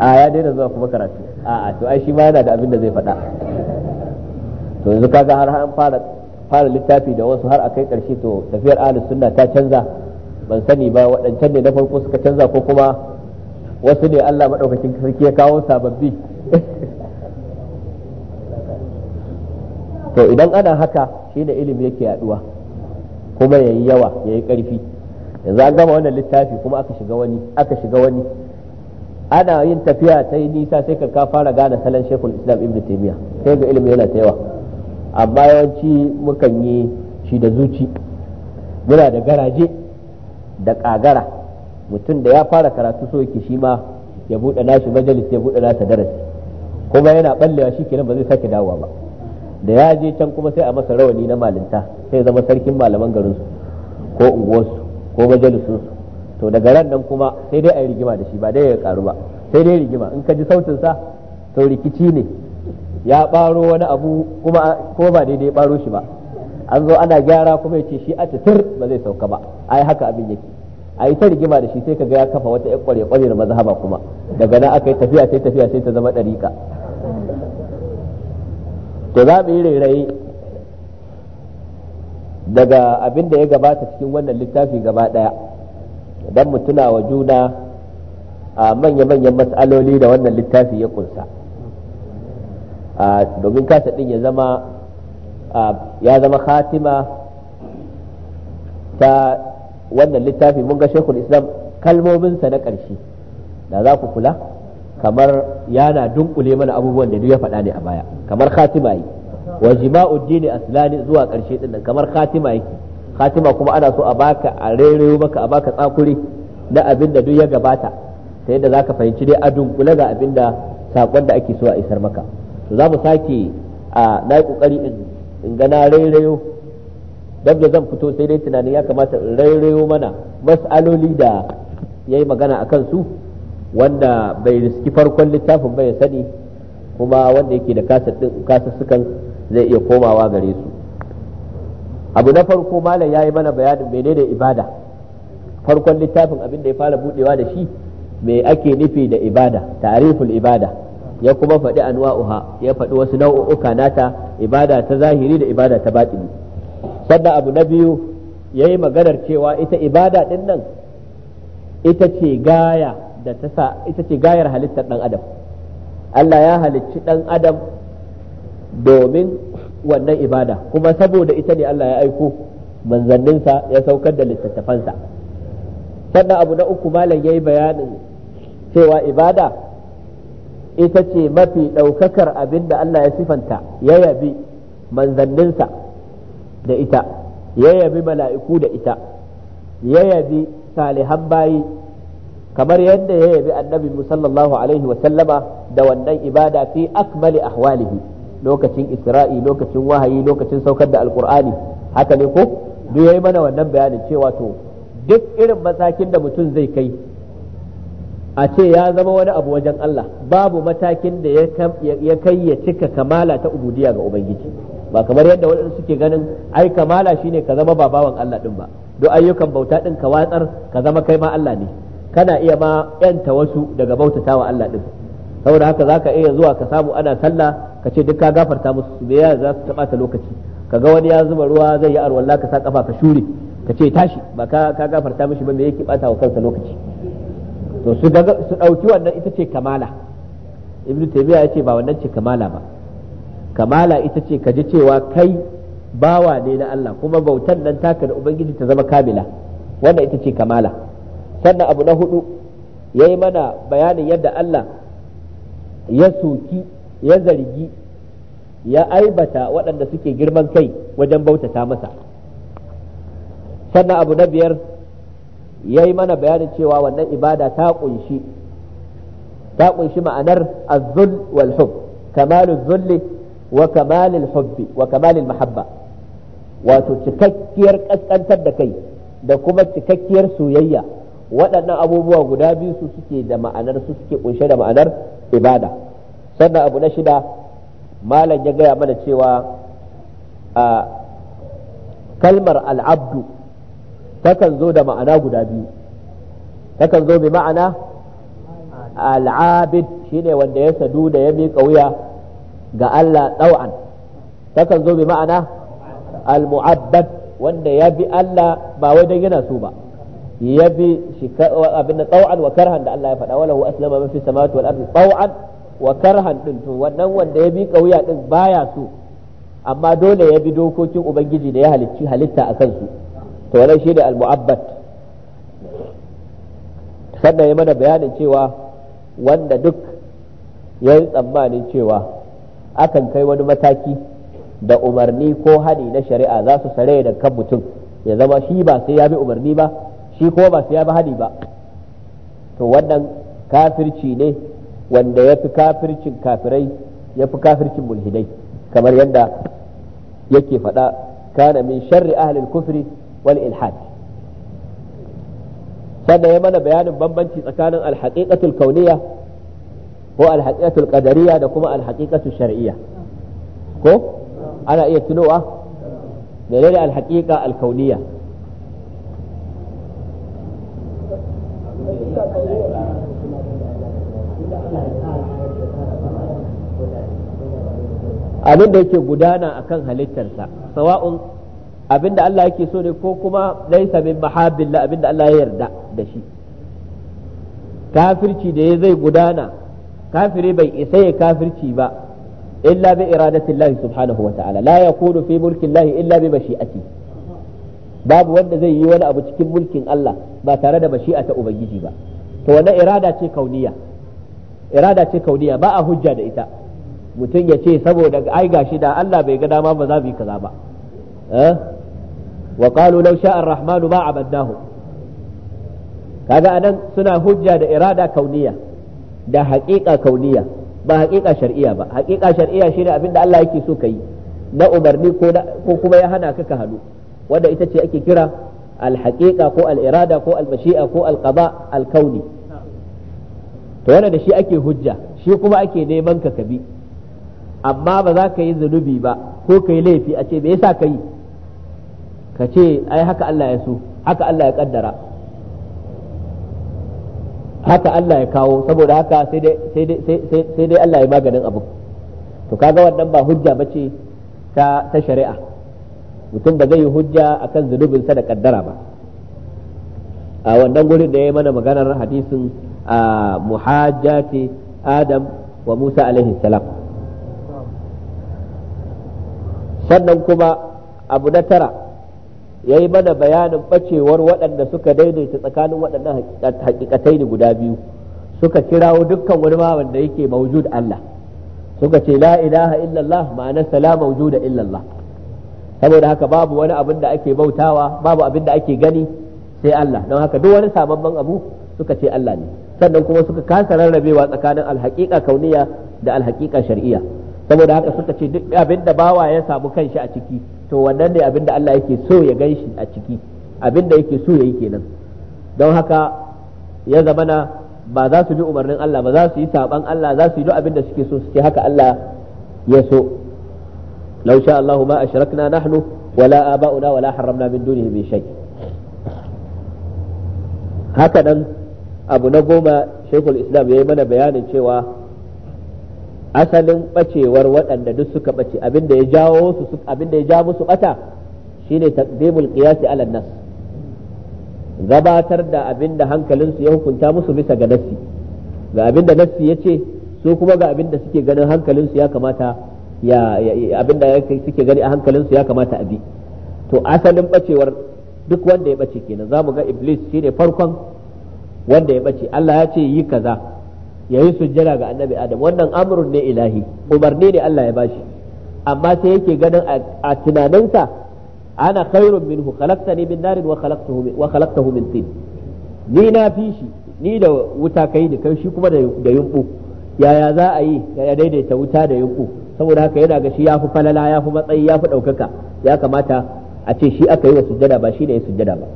a ya daina zuwa kuma karatu a a to ai shi ma yana da abin da zai faɗa to yanzu kaga har an fara fara littafi da wasu har a kai karshe to tafiyar ahlus sunna ta canza ban sani ba waɗancan ne na farko suka canza ko kuma wasu ne Allah maɗaukakin sarki ya kawo sababbi to idan ana haka shi da ilimi yake yaduwa kuma yayi yawa yayi karfi yanzu an gama wannan littafi kuma aka shiga wani aka shiga wani ana yin tafiya ta yi nisa sai ka ka fara gane salon shekul islam ibn taymiya sai ga ilimi yana ta yawa amma yawanci mukan yi shi da zuci muna da garaje da kagara mutum da ya fara karatu so yake shi ma ya buɗe nashi majalis ya buɗe nasa darasi kuma yana ballewa shi kenan ba zai sake dawowa ba da ya je can kuma sai a masa rawani na malinta sai zama sarkin malaman garin su ko unguwarsu ko majalisun su to daga ran nan kuma sai dai a yi rigima da shi ba dai ya karu ba sai dai rigima in ka ji sautin sa to rikici ne ya baro wani abu kuma ko ba daidai ya baro shi ba an zo ana gyara kuma ya ce shi a titir ba zai sauka ba ai haka abin yake a yi ta rigima da shi sai ka ga ya kafa wata ƴan kware kware na mazhaba kuma daga nan aka yi tafiya sai tafiya sai ta zama ɗariƙa to za mu yi rairayi daga abin da ya gabata cikin wannan littafi gaba ɗaya don mu tuna wa juna a manya-manyan matsaloli da wannan littafi ya kunsa domin kasa ɗin ya zama ya zama hatima ta wannan littafi mun ga shekul islam kalmominsa na ƙarshe da za ku kula kamar yana dunkule mana abubuwan da duk ya faɗa ne a baya kamar khatima yi wa jima'u dini aslani zuwa ƙarshe din nan kamar khatima yake khatima kuma ana so a baka a rereyo maka a baka tsakuri na abin da duk ya gabata ta yadda zaka fahimci dai a dunkule ga abin da sakon da ake so a isar maka to za mu sake a na yi kokari in ga na rereyo dab da zan fito sai dai tunanin ya kamata in rairayo mana mas'aloli da yayi magana akan su wanda bai riski farkon littafin bai sani kuma wanda yake da kasassukan zai iya komawa gare su abu na farko malam ya yi mana bayanin menene ibada farkon littafin abin da ya fara budewa da shi me ake nufi da ibada tariful ibada ya kuma faɗi anwa'uha ya faɗi wasu nau'uka nata ibada ta zahiri da ibada ta batini sannan abu na biyu ya yi maganar cewa ita ibada ɗin nan ita ce gaya da ta sa ita ce gayar halittar ɗan adam Allah ya halicci ɗan adam domin wannan ibada kuma saboda ita ne Allah ya aiko manzanninsa ya saukar da littattafansa sannan abu na uku malam ya yi bayanin cewa ibada ita ce mafi ɗaukakar abin da Allah ya sifanta ya yabi manzanninsa da ita ya yabi mala'iku da ita ya yabi salihan bayi kamar yadda ya yabi annabi sallallahu alaihi wa sallama da wannan ibada fi akmali ahwalihi lokacin isra'i lokacin wahayi lokacin saukar da alqur'ani haka ne ko duk yayi mana wannan bayanin cewa to duk irin matakin da mutum zai kai a ce ya zama wani abu wajen Allah babu matakin da ya kai ya cika kamala ta ubudiya ga ubangiji ba kamar yadda waɗansu suke ganin ai kamala shine ka zama babawan Allah din ba duk ayyukan bauta din ka watsar ka zama kai ma Allah ne kana iya ma yanta wasu daga bautata wa Allah din saboda haka zaka iya zuwa ka samu ana sallah ka ce duk ka gafarta musu su biya za su taɓa ta lokaci kaga wani ya zuba ruwa zai yi arwalla ka sa kafa ka shure ka ce tashi ba ka ka gafarta mishi ba me yake bata wa kansa lokaci to su su dauki wannan ita ce kamala ibnu taymiya ya ce ba wannan ce kamala ba kamala ita ce ka ji cewa kai bawa ne na Allah kuma bautan nan taka da ubangiji ta zama kamila wannan ita ce kamala sannan abu na hudu ya yi mana bayanin yadda Allah ya soki ya zargi ya aibata waɗanda suke girman kai wajen bautata masa sannan abu na biyar ya yi mana bayanin cewa wannan ibada ta kunshi ta kunshi ma'anar Azul wal hub kamalul zulli wa kamalul hubbi wa kamalul mahabba wato cikakkiyar kaskantar da kai da kuma cikakkiyar soyayya waɗannan abubuwa guda biyu su suke da ma'anar su suke kunshe da ma'anar ibada sannan abu na shida malam ya gaya mana cewa a kalmar al'abdu takan zo da ma'ana guda biyu takan zo mai ma'ana al'abid shine wanda ya sadu da ya miƙa wuya ga Allah ɗau'an takan zo mai ma'ana al-mu'abbad wanda ya bi Allah ba wai dan yana so ba ya bi abin da tsawon wa karhan da Allah ya faɗa wala aslama mafi samawati wal ardi tsawon wa karhan din to wannan wanda ya bi kauya din baya so amma dole ya bi dokokin ubangiji da ya halicci halitta a kansu to wannan shi da al-mu'abbat sannan ya mana bayanin cewa wanda duk ya yi tsammanin cewa akan kai wani mataki da umarni ko hani na shari'a za su sare da kan mutum ya zama shi ba sai ya bi umarni ba shi kuma ba su ya ba hadi ba to wannan kafirci ne wanda ya fi kafircin kafirai ya fi kafircin mulhidai kamar yadda yake faɗa kana min sharri ahlil kufri wal ilhad sannan ya mana bayanin bambanci tsakanin alhaqiqatul kauniya ko alhaqiqatul qadariyya da kuma alhaqiqatul shar'iyya ko ana iya tunowa menene alhaqiqa alkauniya abin da yake gudana a akan halittarsa sawa'un abin da Allah yake so ne ko kuma laisa min mahabbillah abin da Allah ya yarda da shi kafirci da ya zai gudana kafiri bai isa ya kafirci ba illa bi iradatillahi subhanahu wata'ala la yakunu fi mulkillahi illa bi mashi'ati babu wanda zai yi wani abu cikin mulkin Allah ba tare da mashi'ata ubangiji ba to wannan irada ce kauniya irada ce kauniya ba a hujja da ita mutum ya ce saboda ai gashi da Allah bai ga dama ba za ka kaza ba eh wa qalu law sha'a ar-rahmanu ma abadnahu kaga anan suna hujja da irada kauniya da haƙiƙa kauniya ba haƙiƙa shar'iyya ba haƙiƙa shar'iyya shine abinda Allah yake so kai na umarni ko ko kuma ya hana ka ka halu wanda ita ce ake kira al ko alirada ko al ko al alkauni to da shi ake hujja shi kuma ake neman ka bi amma ba za ka yi zunubi ba ko ka yi laifi a ce me yasa ka yi ka ce ai haka Allah ya so haka Allah ya kaddara haka Allah ya kawo saboda haka sai dai Allah ya maganin abu to kaga wannan ba hujja ba ce ta shari'a mutum ba zai yi hujja a akan zunubinsa da kaddara ba a wannan wurin da ya yi mana maganar hadisin muhajjati adam wa Musa alaihi salam sannan kuma abu na tara ya yi mana bayanin bacewar waɗanda suka daidaita tsakanin waɗannan hakikatai ne guda biyu suka kirawo dukkan wani ma wanda yake mawjud Allah suka ce la ilaha illallah ma'ana la mawjuda illallah saboda haka babu wani abin da ake bautawa babu abin da ake gani sai Allah don haka duk wani sababban abu suka ce Allah ne sannan kuma suka kasa rarrabewa tsakanin alhaƙiƙa kauniya da alhaƙiƙa shar'ia saboda haka suka ce duk abin da bawa ya samu kanshi a ciki to wannan ne abin da Allah yake so ya ganshi a ciki abinda da yake so ya yi kenan don haka ya zamana ba za su bi umarnin Allah ba za su yi saban Allah za su yi duk abin da suke so su ce haka Allah ya so law sha Allahu ma ashrakna nahnu wala aba'una wala haramna min dunihi min shay haka nan abu na goma shaykhul islam yayi mana bayanin cewa asalin bacewar waɗanda duk suka bace da ya jawo su da ya ja musu bata shine taqdimul qiyasi ala nas gabatar da abin hankalin hankalinsu ya hukunta musu bisa ga nassi ga abin da nassi yace su kuma ga abin da suke ganin hankalin su ya kamata ya abin da suke gani a hankalin su ya kamata a bi to asalin bacewar duk wanda ya bace kenan zamu ga iblis shine farkon wanda ya bace Allah ya ce yi kaza ya yi sujjada ga annabi adam wannan amurin ne ilahi umarni ne Allah ya bashi amma sai yake ganin a tunaninsa ana khairun minhu ne min narin wa khalaqtahu wa khalaqtahu min tin ni na fi shi ni da wuta kai da kai shi kuma da yunku yaya za a yi ya daidaita wuta da yunku saboda haka yana ga shi fi falala ya fi matsayi ya fi ɗaukaka ya kamata a ce shi aka yi wa sujjada ba shi ne ya sujjada ba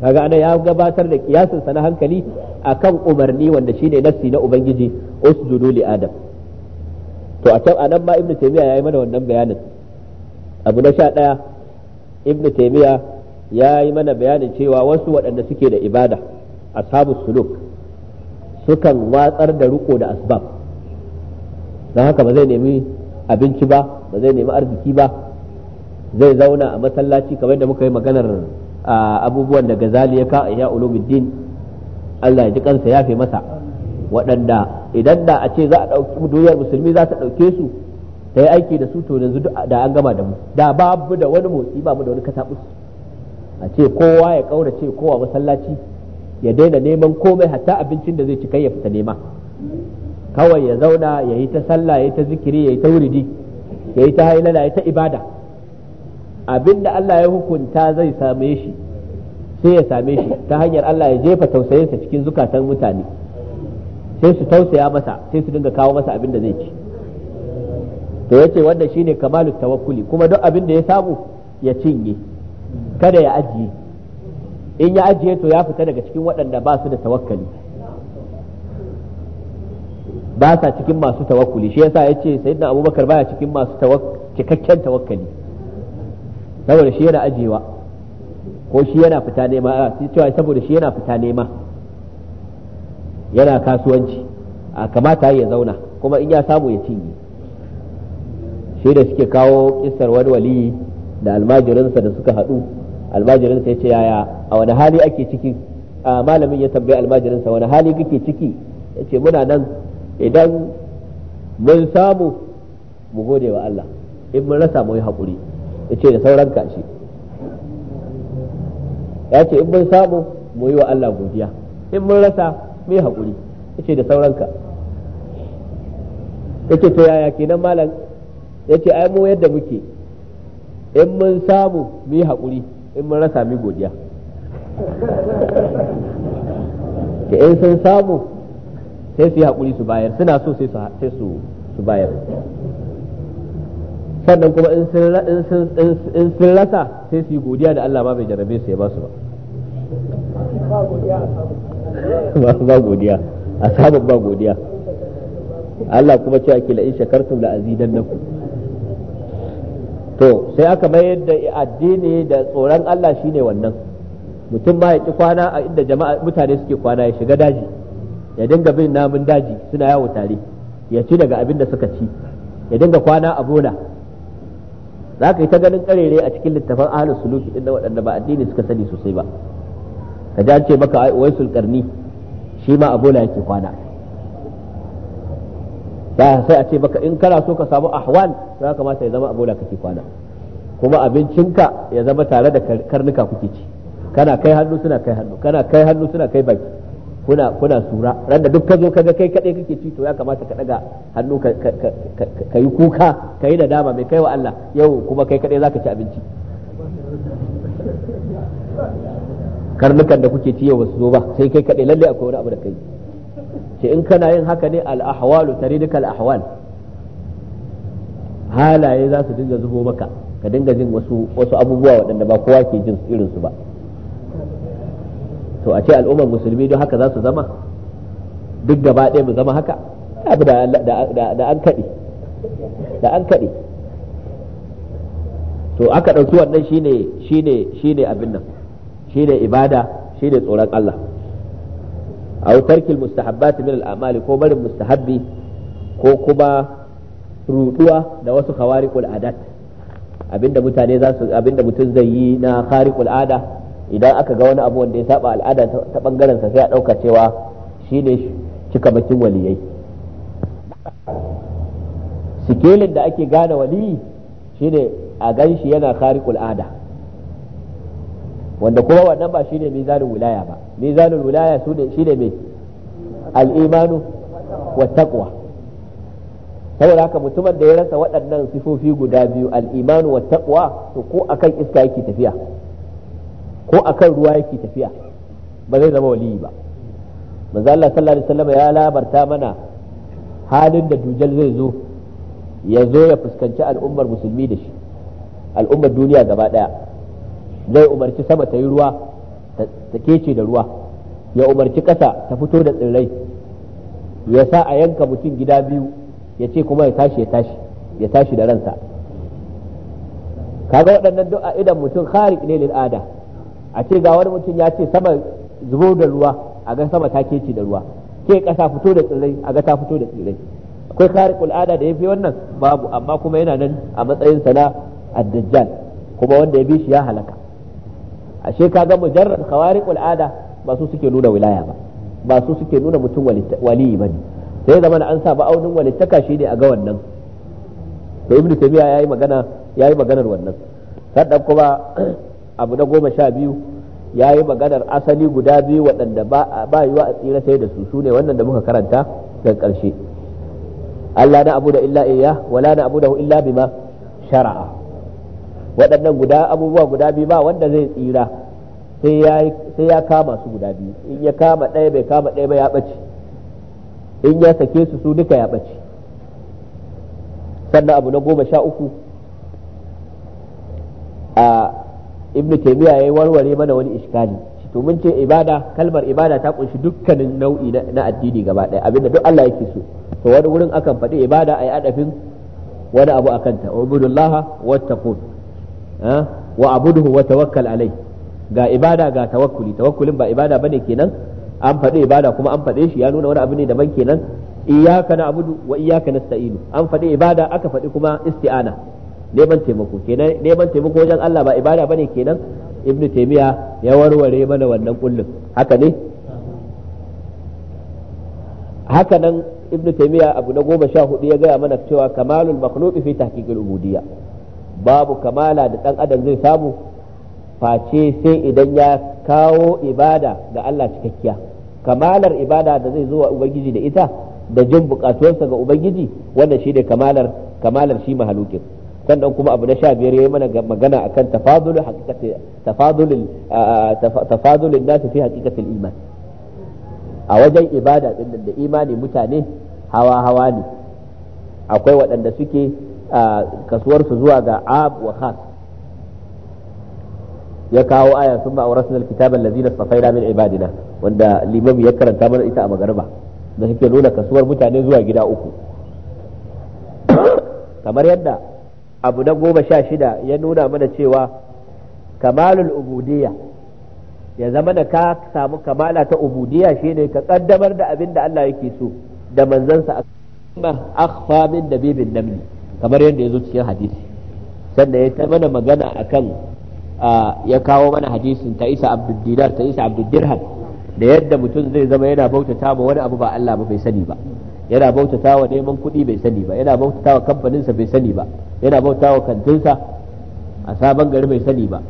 kaga ana ya gabatar da kiyasin sa na hankali akan umarni wanda shine nassi na ubangiji usjudu li adam to a can anan ma ibnu taymiya yayi mana wannan bayanin abu na sha 11 ibnu taymiya yayi mana bayanin cewa wasu waɗanda suke da ibada ashabu suluk sukan watsar da ruko da asbab dan haka ba zai nemi abinci ba ba zai nemi arziki ba zai zauna a masallaci kamar da muka yi maganar abubuwan da gazali ya kawo ya ulumuddin Allah ya ji kansa ya fi masa waɗanda idan da a ce za a ɗauki duniyar musulmi za ta ɗauke su ta yi aiki da su to yanzu da an gama da mu da babu da wani motsi ba babu da wani musu a ce kowa ya ƙaura ƙaurace kowa masallaci ya daina neman komai hatta abincin da zai ci kai ya fita nema kawai ya zauna ya yi ta sallah ya yi ta zikiri ya yi ta wuridi ya yi ta hailala ya yi ta ibada abin da Allah ya hukunta zai same shi sai ya same shi ta hanyar Allah ya jefa tausayinsa cikin zukatan mutane sai su tausaya masa sai su dinga kawo masa abinda zai ci to yace wanda shine kamalu tawakkuli kuma duk abin da ya samu ya cinye kada ya ajiye in ya ajiye to ya fita daga cikin waɗanda ba su da tawakkali ba sa cikin masu tawakkuli shi yasa yace sayyidina abubakar baya cikin masu cikakken tawakkali saboda shi yana ajewa ko shi yana fita nema a cewa saboda shi yana fita nema yana kasuwanci a kamata ya zauna kuma in ya samu ya cinye shi da suke kawo kisar wani waliyi da almajirinsa da suka haɗu almajirinsa ya ce yaya a wani hali ake ciki a malamin ya tambayi almajirinsa wani hali kake ciki ya ce muna nan idan mun samu mu gode wa Allah in mun rasa mu yi haƙuri yace da sauran kashi ya ce in mun samu mu yi wa Allah godiya in mun rasa mu yi haƙuri yace da sauran ka yace to yaya kenan malam yace ai mu yadda muke in mun samu mu yi haƙuri in mun rasa mu godiya ke in sun samu sai su yi haƙuri su bayar suna so sai su bayar sannan kuma in sun rasa sai su yi godiya da Allah ma bai jarabe su ya ba su ba ba godiya a sabon ba godiya Allah kuma cewa ke la'in shakartum la azidan naku to sai aka mayar da addini da tsoron Allah shine wannan mutum ba ya ki kwana a inda jama'a mutane suke kwana ya shiga daji ya dinga bin namun daji suna yawo tare ya ci daga abin da suka ci ya dinga kwana a bola za ka yi ta ganin karere a cikin littafan ahalin suluki din da waɗanda ba addini suka sani sosai ba ka ji an ce maka ai waisul karni shi ma abola yake kwana ba sai a ce maka in kana so ka samu ahwal za ka mata ya zama abola kake kwana kuma abincinka ya zama tare da karnuka kuke ci kana kai hannu suna kai hannu kana kai hannu suna kai baki kuna kuna sura ran da duk ka zo kaga kai kadai kake ci to ya kamata ka daga hannu ka ka yi kuka ka yi nadama mai kaiwa Allah yau kuma kai kadai zaka ci abinci karnukan da kuke ci yau ba su zo ba sai kai kadai lalle akwai wani abu da kai ce in kana yin haka ne al ahwalu taridika al ahwal halaye za su dinga zubo maka ka dinga jin wasu abubuwa waɗanda ba kowa ke jin irin su ba to a ce al'ummar musulmi don haka za su zama duk gaba ɗaya mu zama haka abu da an kaɗe da an kaɗe to aka ɗauki wannan shine shine shine abin nan shine ibada shine tsoron Allah aw tarkil mustahabbat min al ko barin mustahabbi ko kuma ruduwa da wasu khawariqul adat abinda mutane za su abinda mutum zai yi na khariqul kul'ada. idan aka ga wani abu wanda ya saba al'ada ta bangaren sa sai a dauka cewa shine cika bakin waliyai sikelin da ake gane waliyi shine a gan shi yana khariqul ada wanda kuma wannan ba shine mizanul wilaya ba mizanul wilaya shine mai al-imanu wa taqwa saboda haka mutumin da ya rasa waɗannan sifofi guda biyu al'imanu wa taqwa to ko akan iska yake tafiya ko a kan ruwa yake tafiya ba zai zama waliyi ba manzo Allah sallallahu alaihi wasallam ya labarta mana halin da dujal zai zo ya zo ya fuskanci al'ummar musulmi da shi al'ummar duniya gaba daya zai umarci sama ta yi ruwa ta kece da ruwa ya umarci ƙasa ta fito da tsirrai ya sa a yanka mutum gida biyu ya ce kuma ya tashi ya tashi ya tashi da ransa kaga waɗannan duk a idan mutum kharik ne lil'ada a ce ga wani mutum ya ce sama zubo da ruwa a ga sama ta ci da ruwa ke kasa fito da tsirrai a ga ta fito da tsirrai akwai kare ada da yafi wannan babu amma kuma yana nan a matsayin sana'a na dajjal kuma wanda ya bi shi ya halaka ashe ga mujarrad khawariqul ada ba su suke nuna wilaya ba ba su suke nuna mutum waliyi bane sai zama an sa ba aunin walittaka ne a ga wannan to ibnu tabiya yayi magana yayi maganar wannan sannan kuma abu na goma sha biyu ya yi maganar asali guda biyu waɗanda ba wa a tsira sai da su su ne wannan da muka karanta daga ƙarshe Allah na abu da illa iya wala na abu da illa ma shara'a waɗannan guda abubuwa guda biyu ba wanda zai tsira sai ya kama su guda biyu in ya kama ɗaya bai kama ɗaya ba ya ɓace in ya sake su su duka ya ɓace sannan abu na goma sha uku a ibnu taymiya yayi warware mana wani iskali to mun ce ibada kalmar ibada ta kunshi dukkanin nau'i na addini gaba daya abinda duk Allah yake so to wani wurin akan faɗi ibada ayi adafin wani abu akan ta ubudullaha wattaqun wa abuduhu wa tawakkal alai ga ibada ga tawakkuli tawakkulin ba ibada bane kenan an faɗi ibada kuma an faɗe shi ya nuna wani abu ne daban kenan iyyaka na'budu wa iyyaka nasta'inu an faɗi ibada aka faɗi kuma isti'ana neman taimako kenan neman taimako wajen Allah ba ibada bane kenan ibnu taymiya ya warware mana wannan kullum haka ne haka nan ibnu taymiya abu na goma sha hudu ya gaya mana cewa kamalul makhluqi fi tahqiqil ubudiyya babu kamala da dan adam zai samu face sai idan ya kawo ibada ga Allah cikakkiya kamalar ibada da zai zo wa ubangiji da ita da jin bukatuwarsa ga ubangiji wannan shine kamalar kamalar shi mahalukin sannan kuma abu na sha biyar yayi mana magana akan kan tafadulin tafadulul tafadulun nasu fi iman a wajen ibada din da imani mutane hawa hawa ne akwai waɗanda suke kasuwarsu zuwa ga ab wa khas ya kawo aya sun ma'aurasna kitabin lazina safai min ibadina wanda limami ya karanta mana ita a magarba da suke nuna kasuwar mutane zuwa gida uku kamar yadda abu na goma sha shida ya nuna mana cewa kamalul ubudiyya ya zama da ka samu kamala ta ubudiyya shine ka kaddamar da abin da Allah yake so da manzansa a kuma akhfa min dabibin namli kamar yadda ya zo cikin hadisi sannan ya ta mana magana akan ya kawo mana hadisin ta isa abdul dinar ta isa abdul dirham da yadda mutum zai zama yana bautata ma wani abu ba Allah ba bai sani ba yana bautata wa neman kuɗi bai sani ba yana bautata wa kamfaninsa bai sani ba yana bautata wa kantinsa a sabon gari bai sani ba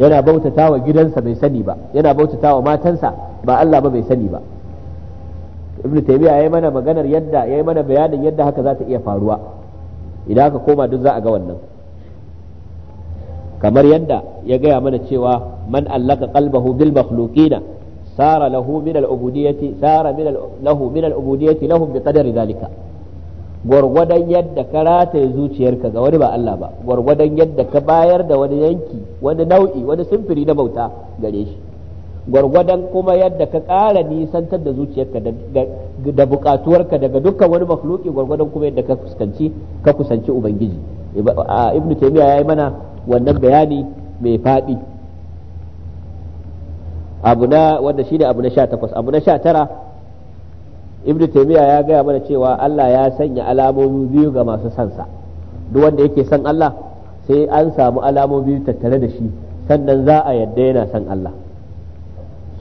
yana bautata wa gidansa bai sani ba yana bautata wa matansa ba Allah ba bai sani ba ibnu taymiya yayi mana maganar yadda yayi mana bayanin yadda haka za ta iya faruwa idan aka koma duk za a ga wannan kamar yadda ya gaya mana cewa man allaka qalbahu bil makhluqina sara lahu min al-ubudiyyati sara lahu min ubudiyyati lahum bi qadari zalika gwargwadon yadda ka rataye zuciyarka ga wani ba Allah ba gwargwadon yadda ka bayar da wani yanki wani nau'i wani simfiri na bauta gare shi gwargwadon kuma yadda ka ƙara nisantar da zuciyarka da buƙatuwarka daga dukkan wani makhluki gwargwadon kuma yadda ka ka kusanci ubangiji ibnu ya yi mana wannan bayani mai faɗi abu na wanda shine abu na takwas abu na tara ibn taimiyya ya gaya mana cewa Allah ya sanya alamomi biyu ga masu sansa duk wanda yake san Allah sai an samu alamomi tattare da shi sannan za a yadda yana san Allah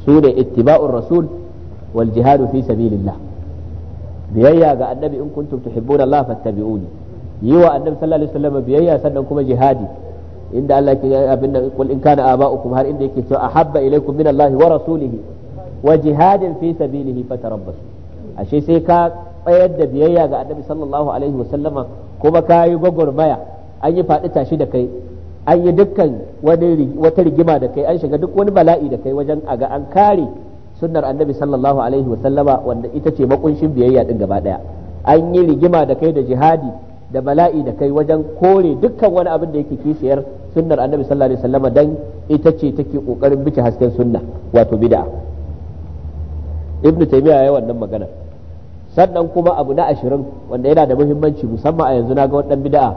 su ne ittiba'ur rasul wal jihadu fi sabilillah biyayya ga annabi in kuntum tuhibbuna Allah fattabi'uni yi wa annabi sallallahu alaihi wasallam biyayya sannan kuma jihadi inda Allah ke abin da kul in kana aba'ukum har inda yake cewa ahabba ilaykum min Allah wa rasulihi wa jihadin fi sabilihi fatarabbasu ashe sai ka tsayar da biyayya ga annabi sallallahu alaihi sallama. kuma ka yi gwagwarmaya an yi faɗi tashi da kai an yi dukkan wata rigima da kai an shiga duk wani bala'i da kai wajen a ga an kare sunnar annabi sallallahu alaihi sallama. wanda ita ce makunshin biyayya din gaba daya an yi rigima da kai da jihadi da bala'i da kai wajen kore dukkan wani abin da yake kishiyar sunnar annabi sallallahu alaihi wasallam dan ita ce take kokarin bice hasken sunna wato bid'a ibnu taymiya yayi wannan magana sannan kuma abu na ashirin wanda yana da muhimmanci musamman a yanzu na ga wadan bid'a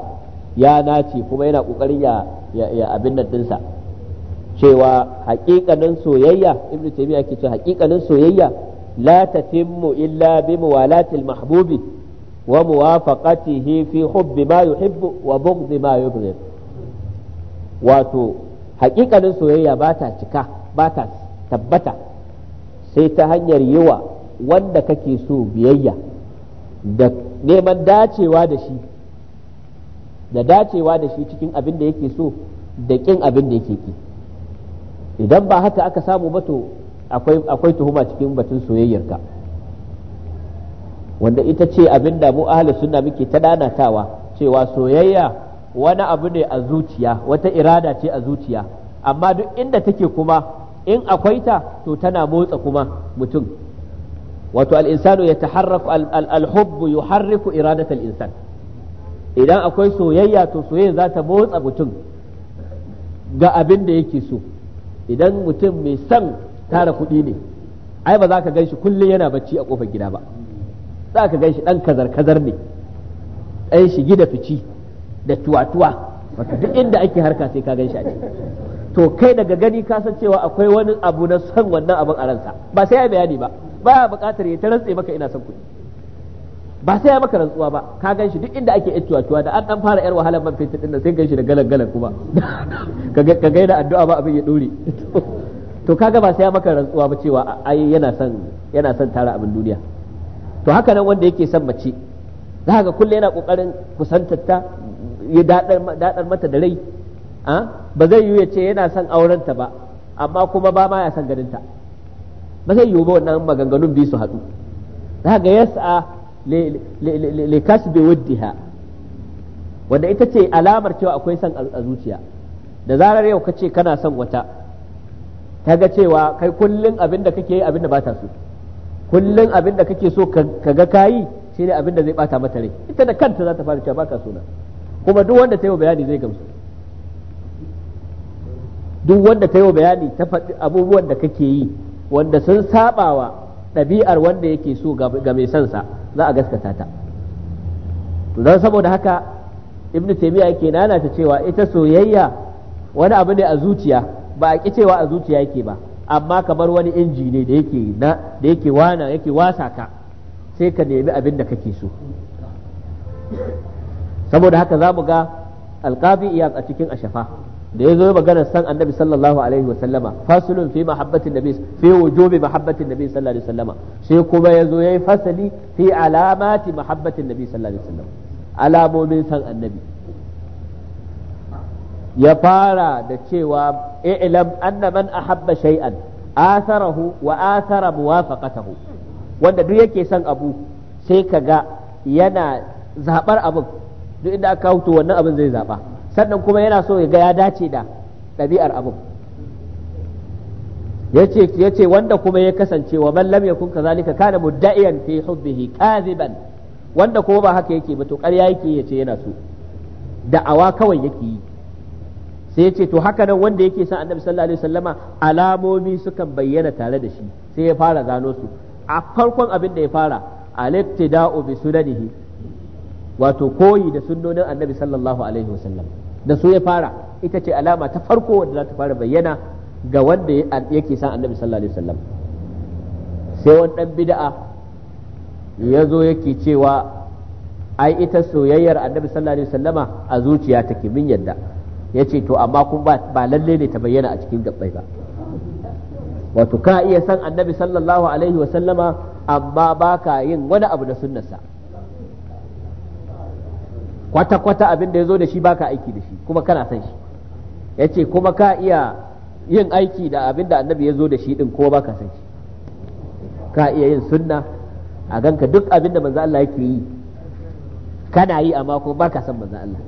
ya nace kuma yana kokarin ya ya abin nan dinsa cewa haƙiƙanin soyayya ibnu taymiya ke cewa haƙiƙanin soyayya la tatimmu illa bi mawalatil mahbubi wa muwafaqatihi fi hubbi ma yuhibbu wa bughdi ma yubghid wato hakikanin soyayya ba ta cika ba ta tabbata sai ta hanyar yiwa wanda kake so biyayya da neman dacewa da shi da dacewa da shi cikin abin da yake so da kin abin da yake ki idan ba haka aka samu ba to akwai tuhuma cikin batun soyayyarka wanda ita ce abin da mu suna sunna muke ta danatawa cewa soyayya wani abu ne a zuciya wata irada ce a zuciya amma duk inda take kuma in akwai ta to tana motsa kuma mutum wato al'insanu ya yataharraku al-hubbu yuharriku iradat al-insan idan akwai soyayya to soyayya za ta motsa mutum ga abin da yake so idan mutum mai son tara kuɗi ne ai ba za ka gan shi kullum yana bacci a kofar gida ba za ka gan shi ɗan kazar-kazar ne ɗan shigi da fici da tuwa-tuwa wata duk inda ake harka sai ka gan shi a ciki to kai daga gani ka san cewa akwai wani abu na son wannan abin a ransa ba sai ya bayani ba Ba ya buƙatar ya ta rantse maka ina son kuɗi ba sai ya maka rantsuwa ba ka gan shi duk inda ake yan tuwa-tuwa da an dan fara yar wahalar man fetur din sai gan shi da galan-galan kuma ka gaida addu'a ba abin ya dore to kaga ba sai ya maka rantsuwa ba cewa ai yana son yana son tara abin duniya to haka nan wanda yake son mace za ga kulle yana kokarin ta ya dadar mata da rai ba zai yiwu ya ce yana son aurenta ba amma kuma ba ma ya son ganinta ba zai yiwu ba wannan maganganun biyu su haɗu za ga yasa le wadda ha wanda ita ce alamar cewa akwai son a zuciya da zarar yau ka ce kana son wata ta ga cewa kai kullum abin da kake yi abin da ba ta so Kullum abin da kake so ka ga kayi shi ne abin da zai bata mata rai ita da kanta za ta fara cewa baka suna kuma duk wanda ta yi bayani zai gamsu duk wanda ta yi bayani ta faɗi abubuwan da kake yi wanda sun sabawa ɗabi'ar wanda yake so ga mai son sa za a gaskata ta to dan saboda haka ibnu taymiya yake nana ta cewa ita soyayya wani abu ne a zuciya ba a ki cewa a zuciya yake ba amma kamar wani inji ne da yake na da yake wana yake wasa ka sai ka nemi abin da kake so saboda haka za mu ga alkafi iyaq a cikin ashafa da ya zo magana san annabi sallallahu alaihi wa sallama fasulun fi mahabbatin nabi fi wujubi mahabbatin nabi sallallahu alaihi wasallama sai kuma ya zo ya yi fasali fi alamati mahabbatin nabi sallallahu alaihi wa wasallama alamomin san annabi ya fara da cewa i'lam anna man ahabba shay'an atharahu wa athara muwafaqatahu wanda duk yake son abu sai kaga yana zabar abin duk inda aka huto wannan abin zai zaba sannan kuma yana so ya ga ya dace da ɗabi'ar abin yace yace wanda kuma ya kasance wa man lam yakun kazalika kana mudda'iyan fi hubbihi kadhiban wanda kuma ba haka yake ba to ƙarya yake yace yana so da'awa kawai yake yi sai ya ce to haka nan wanda yake san annabi sallallahu alaihi wasallama alamomi sukan bayyana tare da shi sai ya fara gano su a farkon abin da ya fara aliktida'u bi sunanihi wato koyi da sunnonin annabi sallallahu alaihi wasallam da su ya fara ita ce alama ta farko wanda za ta fara bayyana ga wanda yake san annabi sallallahu alaihi wasallam sai wani dan bid'a ya zo yake cewa ai ita soyayyar annabi sallallahu alaihi wasallama a zuciya take min yadda ya ce to amma kun ba lalle ne ta bayyana a cikin gabbai ba wato ka iya san annabi sallallahu alaihi wasallama amma ba ka yin wani abu da sunnarsa kwata-kwata abin da ya zo da shi baka aiki da shi kuma kana san shi ya ce kuma ka iya yin aiki da abin da annabi ya zo da shi din kuma baka san shi ka iya yin sunna a ganka duk abin da manzo Allah yake yi kana yi amma kuma baka san manzo Allah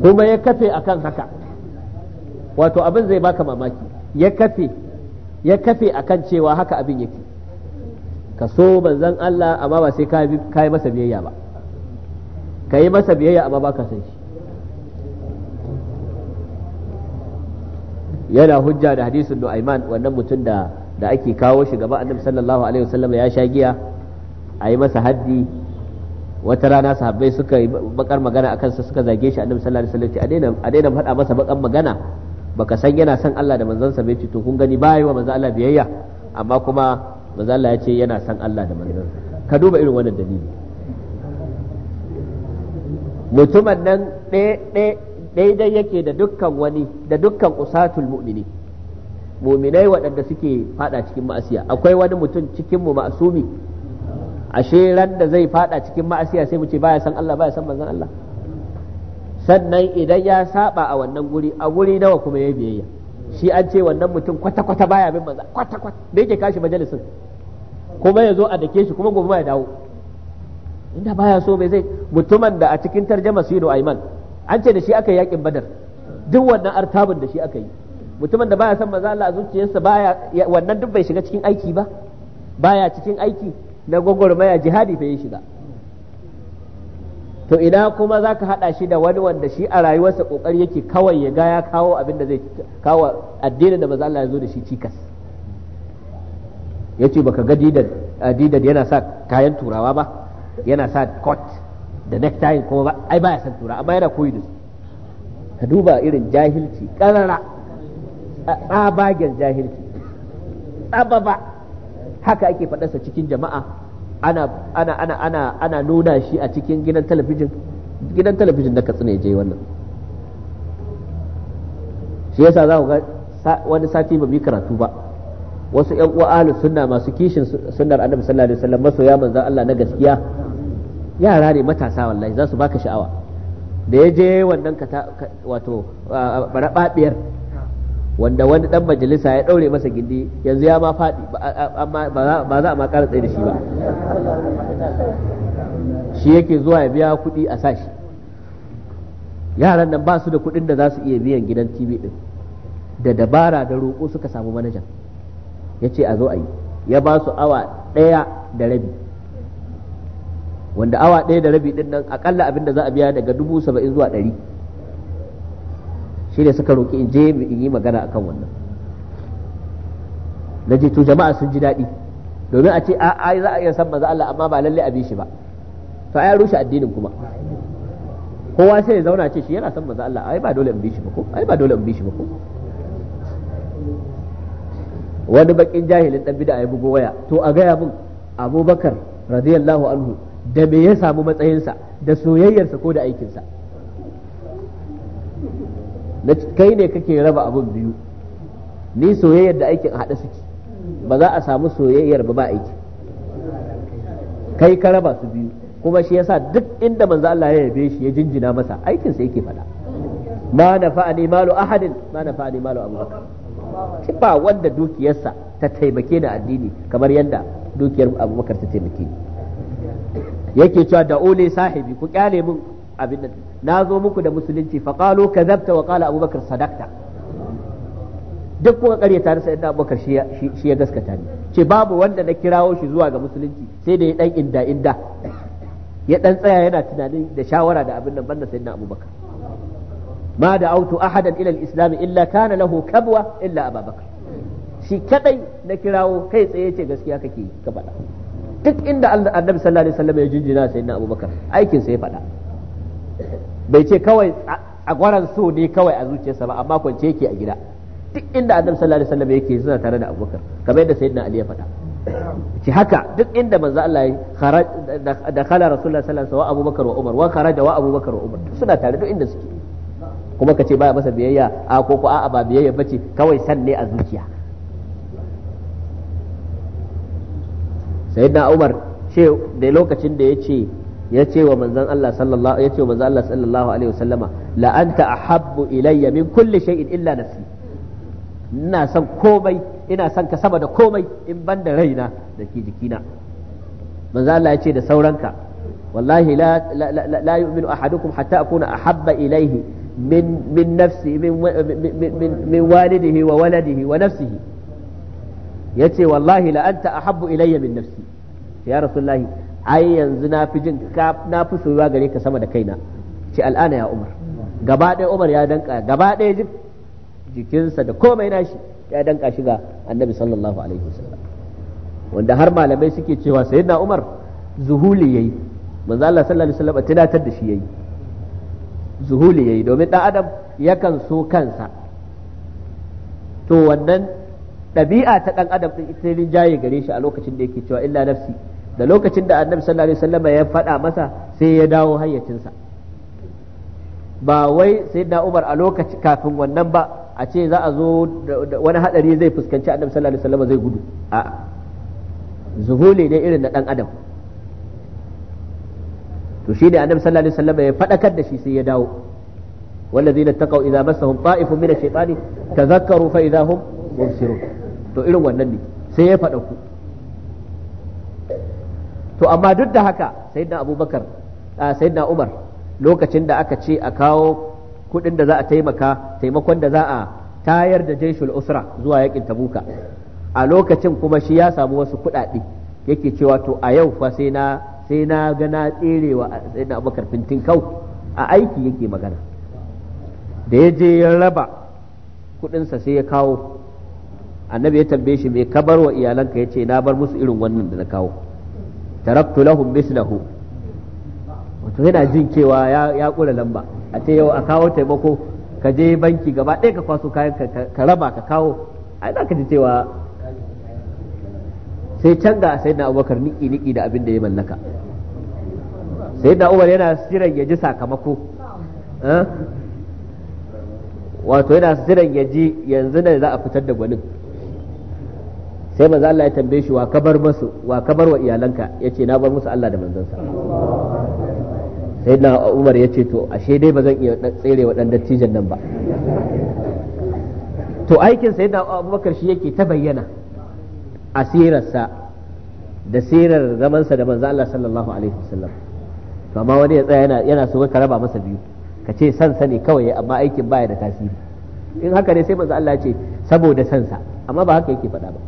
kuma ya kafe akan haka wato abin zai baka mamaki ya kafe ya kafe akan cewa haka abin yake ka so banzan Allah amma ba sai ka yi masa biyayya ba ka yi masa biyayya amma ba ka san shi yana hujja da hadisin Nu'aiman wannan mutum da da ake kawo shi gaba annabi sallallahu alaihi wasallam ya sha giya a yi masa haddi wata rana sahabbai suka yi bakar magana a kansa suka zage shi annabi sallallahu alaihi wasallam a daina faɗa masa bakar magana baka san yana son Allah da sa bai ce to kun gani bai wa manzon Allah biyayya amma kuma manzon Allah ya ce yana son Allah da manzon ka duba irin wannan dalili mutumin nan daidai yake da dukkan wani da dukkan usatul mu'mini muminai waɗanda suke fada cikin ma'asiya akwai wani mutum cikin mu ma'asumi ashe ran da zai fada cikin ma'asiya sai mu ce baya san Allah baya san manzon Allah sannan idan ya saba a wannan guri a guri nawa kuma ya biyayya shi an ce wannan mutum kwata kwata baya bin manzon kwata kwata da yake kashi majalisin kuma ya zo a dake shi kuma gobe ma ya dawo inda baya so bai zai mutumin da a cikin tarjama sino aiman an ce da shi aka yi yakin badar duk wannan artabun da shi aka yi mutumin da baya san manzon Allah a zuciyarsa baya wannan duk bai shiga cikin aiki ba baya cikin aiki na gwagwarmaya jihadi fa ya shiga to ina kuma za ka haɗa shi da wani wanda shi a rayuwarsa ƙoƙari yake kawai ya ga ya kawo abin da zai kawo addinin da maza Allah ya zo da shi cikas ya ce baka ga didan yana sa kayan turawa ba yana sa coat da necktie kuma ba ai baya san turawa amma yana koyi da su ka duba irin jahilci ƙarara tsabagen jahilci tsababa haka ake faɗarsa cikin jama'a ana ana ana ana nuna shi a cikin gidan talabijin gidan talabijin na katsina je wannan shi yasa za ku ga wani sati ba bi karatu ba wasu ƴan uwa ahlus sunna masu kishin sunnar annabi sallallahu alaihi wasallam masoya manzon Allah na gaskiya yara ne matasa wallahi za su baka sha'awa da ya je wannan wato barababiyar wanda wani dan majalisa ya daure masa gindi yanzu ya ma faɗi ba za a ma ƙara tsaye da shi ba shi yake zuwa ya biya kuɗi a sashi yaran nan ba su da kuɗin da za su iya biyan gidan tv ɗin da dabara da roƙo suka samu manajan ya ce a zo a yi ya ba su awa ɗaya da rabi wanda awa ɗaya da rabi ɗin nan akalla abin da za a biya daga dubu saba'in zuwa ɗari shi ne suka roƙi in je in yi magana akan wannan na je to jama'a sun ji daɗi domin a ce a za a iya san maza Allah amma ba lalle a bi shi ba to a ya rushe addinin kuma kowa sai ya zauna ce shi yana san maza Allah ai ba dole in bi shi ba ko ai ba dole in bi shi ba ko wani bakin jahilin dan bid'a ya bugo waya to a gaya min Abubakar radiyallahu anhu da me ya samu matsayinsa da soyayyarsa ko da aikinsa na kai ne kake raba abun biyu ni soyayyar da aikin haɗe suke ba za a samu soyayyar ba ba aiki kai ka raba su biyu kuma shi yasa duk inda manzo Allah ya yabe shi ya jinjina masa aikin sa yake faɗa ma nafa'ani malu ahadin ma nafa'ani malu abubakar ba wanda dukiyarsa ta taimake da addini kamar yadda dukiyar abubakar ta taimake yake cewa da ole sahibi ku kyale min abin da na zo muku da musulunci fa qalu kadhabta wa qala abubakar sadakta duk kuka karyata da sayyidina abubakar shi ya gaskata ne. ce babu wanda na kirawo shi zuwa ga musulunci sai da ya dan inda inda ya dan tsaya yana tunanin da shawara da abin nan banda sayyidina abubakar ma da autu ahadan ila al-islam illa kana lahu kabwa illa ababakar. shi kadai na kirawo kai tsaye ce gaskiya kake ka faɗa duk inda annabi sallallahu alaihi wasallam ya jinjina sayyidina abubakar aikin sa ya faɗa bai ce kawai a gwaran so ne kawai a zuciyarsa ba amma kwance yake a gida duk inda annabi sallallahu alaihi wasallam yake suna tare da abubakar kamar yadda sayyidina ali ya faɗa ci haka duk inda manzo Allah ya kharaj da khala rasulullahi sallallahu alaihi wasallam wa abubakar wa umar wa da wa abubakar wa umar suna tare duk inda suke kuma kace baya masa biyayya a ko ko a'a ba biyayya bace kawai san ne a zuciya sayyidina umar ce da lokacin da ya ce yace wa manzon Allah sallallahu ya wa manzon Allah sallallahu alaihi wasallama la anta ahabbu ilayya min kulli shay'in illa nafsi ina son komai ina son ka sama da komai in ban da raina da ke jikina manzon Allah ya ce da sauranka wallahi la la la yu'minu ahadukum hatta akuna ahabba ilayhi min min nafsi min min walidihi wa waladihi wa nafsihi yace wallahi la anta ahabbu ilayya min nafsi ya rasulullahi ai yanzu na fi jin na fi soyuwa gare ka sama da kaina ce al'ana ya umar gaba ɗaya umar ya danka gaba ɗaya jikinsa da komai nashi ya danka shi ga annabi sallallahu alaihi wasallam wanda har malamai suke cewa sayyidina umar zuhuli yayi manzo Allah sallallahu alaihi wasallam tunatar da shi yayi zuhuli yayi domin dan adam yakan so kansa to wannan ɗabi'a ta dan adam din ita jaye gare shi a lokacin da yake cewa illa nafsi da lokacin da annabi sallallahu alaihi wasallam ya faɗa masa sai ya dawo hayyacinsa ba wai sai sayyidina Umar a lokaci kafin wannan ba a ce za a zo wani hadari zai fuskanci annabi sallallahu alaihi wasallam zai gudu a'a zuhuli ne irin na dan adam to shi ne annabi sallallahu alaihi wasallam ya fadakar da shi sai ya dawo والذين اتقوا اذا مسهم طائف من الشيطان تذكروا فاذا هم مبصرون to irin wannan ne sai ya fadaku to amma duk da haka sayyidina abubakar sayyidina umar lokacin da aka ce a kawo kuɗin da za a taimaka taimakon da za a tayar da jaishul usra zuwa yakin tabuka a lokacin kuma shi ya samu wasu kuɗaɗe yake cewa to a yau fa sai na sai na ga na tserewa sayyidina abubakar fintin kau a aiki yake magana da ya je ya raba kuɗinsa sai ya kawo annabi ya tambaye shi mai ka bar wa iyalanka ya ce na bar musu irin wannan da na kawo taraktu lahum mislahu wato yana jin cewa ya kula lamba a ce yau a kawo taimako ka je banki gaba ɗaya ka kwaso kayan ka raba ka kawo a za ka ji cewa sai can ga sai na abubakar niki niki da abin da ya mallaka sai na umar yana siran ya ji sakamako eh? wato yana siran ya ji yanzu ne za a fitar da gwanin sai manzo Allah ya tambaye shi wa kabar musu wa kabar wa iyalanka yace na bar musu Allah da manzansa sai na Umar yace to ashe dai ba zan iya tsere wa dan dattijan nan ba to aikin sai da Abubakar shi yake ta bayyana asirarsa da sirar zamansa da manzo Allah sallallahu alaihi wasallam to amma wani ya tsaya yana yana so ka raba masa biyu ka ce san sani kawai amma aikin baya da tasiri in haka ne sai manzo Allah ya ce saboda sansa amma ba haka yake faɗa ba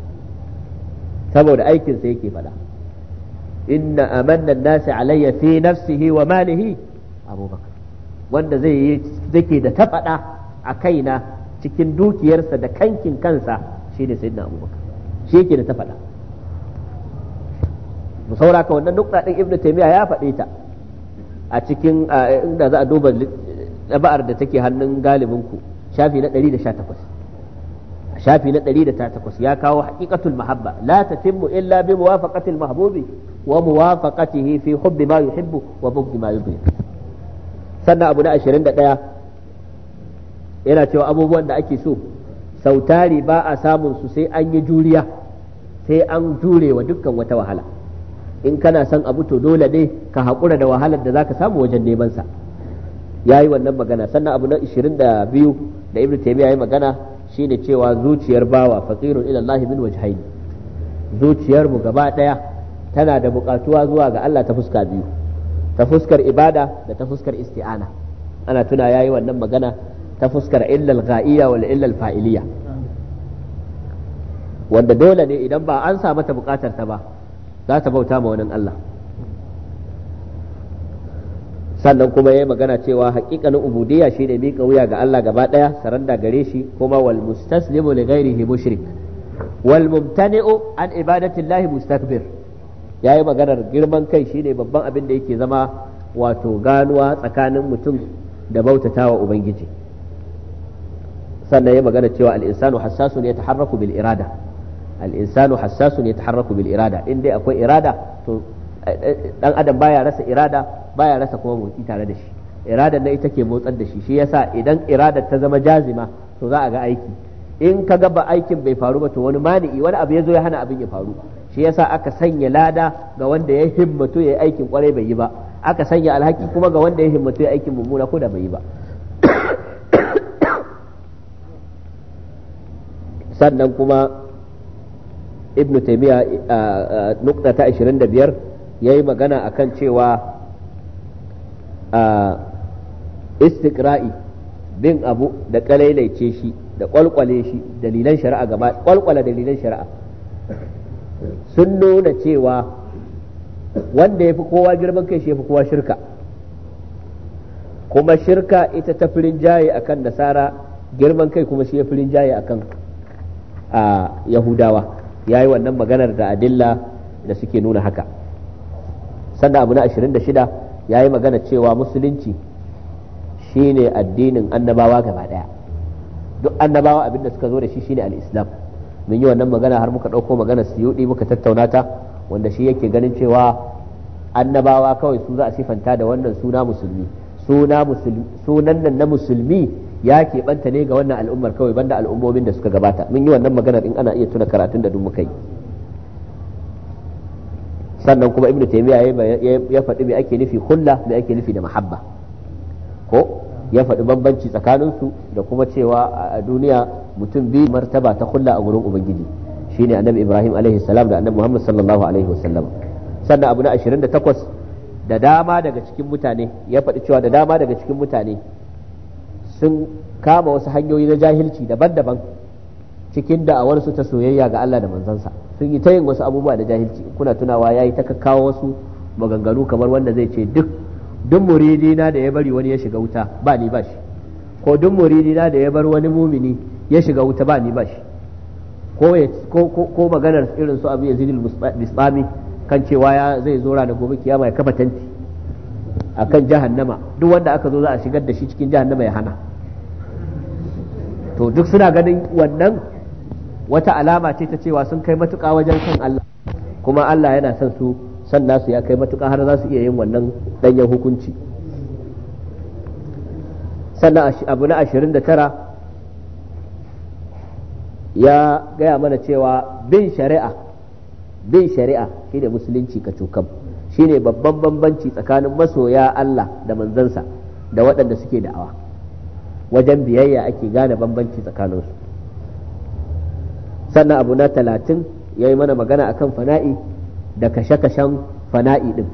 saboda aikinsa yake faɗa inna amanna nasi alayya fi nafsihi wa malihi abubakar wanda zai yi zake da ta faɗa a kaina cikin dukiyarsa da kankin kansa shine sayyidina abubakar shi yake da ta faɗa mu sauraka wannan nukta din ibnu taymiya ya faɗe ta a cikin inda za a duba ɗaba'ar da take hannun galibinku shafi na 118 shafi na 108 ya kawo haqiqatul mahabba la tatimmu illa bi muwafaqatil mahbubi wa muwafaqatihi fi hubbi ma yuhibbu wa bughdi ma yubghi sannan abu na 21 yana cewa abubuwan da ake so sautari ba a samun su sai an yi juriya sai an jurewa wa dukkan wata wahala in kana san abu to dole ne ka haƙura da wahalar da zaka samu wajen neman sa yayi wannan magana sannan abu na 22 da magana shine cewa zuciyar bawa faqirun ila Allah min wajhayn zuciyar mu gaba daya tana da bukatuwa zuwa ga Allah ta fuska biyu ta fuskar ibada da ta fuskar isti'ana ana tuna yayi wannan magana ta fuskar illal ghaiya wal illal fa'iliya wanda dole ne idan ba an sa mata bukatar ta ba za ta bauta ma wani Allah sannan kuma yi magana cewa haƙiƙanin ubudiyya shine mika wuya ga Allah gaba daya saranda gare shi kuma wal mustaslimu li ghairihi mushrik wal mumtani'u an ibadati llahi mustakbir yayi maganar girman kai shine babban abin da yake zama wato ganuwa tsakanin mutum da bautatawa ubangiji sannan yayi magana cewa al insanu hassasun yataharraku bil irada al insanu hassasun yataharraku bil irada in dai akwai irada to dan adam baya rasa irada baya rasa kuma motsi tare da shi irada na ita ke motsar da shi shi yasa idan irada ta zama jazima to za a ga aiki in ka ga ba aikin bai faru ba to wani mani'i wani abu ya zo ya hana abin ya faru shi yasa aka sanya lada ga wanda ya himmatu ya yi aikin kwarai bai yi ba aka sanya alhaki kuma ga wanda ya himmatu ya aikin mummuna ko da bai yi ba sannan kuma ibnu taymiya nukta ta 25 ya yi magana kan cewa istikra'i bin abu da kalailaice shi da kwalkwale shi dalilan shari'a gaba kwalkwala dalilan shari'a sun nuna cewa wanda ya fi kowa girman kai shi ya fi kowa shirka kuma shirka ita ta firin jaye akan nasara girman kai kuma shi ya firin jaye akan yahudawa ya yi wannan maganar da adilla da suke nuna haka sannan abu na 26 ya yi magana cewa musulunci shine addinin annabawa gaba daya duk annabawa abinda suka zo da shi shine al-islam mun yi wannan magana har muka ɗauko magana suyuɗi muka tattauna ta wanda shi yake ganin cewa annabawa kawai su za a sifanta da wannan suna musulmi sunan nan na musulmi ya keɓanta ne ga wannan al'ummar kawai banda al'ummomin da suka gabata mun yi wannan maganar in ana iya tuna karatun da duk muka yi sannan kuma ibnu taymiya ya faɗi me ake nufi hulla me ake nufi da mahabba ko ya faɗi bambanci tsakaninsu da kuma cewa a duniya mutum biyu martaba ta hulla a gurin ubangiji shine annabi ibrahim alaihi salam da annabi muhammad sallallahu alaihi wasallam sannan abu na 28 da dama daga cikin mutane ya faɗi cewa da dama daga cikin mutane sun kama wasu hanyoyi na jahilci daban-daban cikin da'awarsu ta soyayya ga Allah da manzansa sun yi ta yin wasu abubuwa da jahilci kuna tunawa yayi ta kawo wasu maganganu kamar wanda zai ce duk duk muridina da ya bari wani ya shiga wuta ba ni ba shi ko duk muridina da ya bar wani mumini ya shiga wuta ba ni ba shi ko maganar irin su abu yazidul bisbami kan cewa ya zai zo ranar gobe kiyama ya kafa tanti akan jahannama duk wanda aka zo za a shigar da shi cikin jahannama ya hana to duk suna ganin wannan wata alama ce ta cewa sun kai matuƙa wajen son Allah kuma Allah yana son su san nasu ya kai matuƙa har za su iya yin wannan ɗanyen hukunci sannan abu na ashirin da tara ya gaya mana cewa bin shari'a bin shari'a ne musulunci ka shi shine babban bambanci tsakanin masoya Allah da manzansa da waɗanda suke da'awa wajen biyayya ake gane bambanci tsakaninsu sannan abu na talatin ya yi mana magana akan fana'i da kashe-kashen fana'i din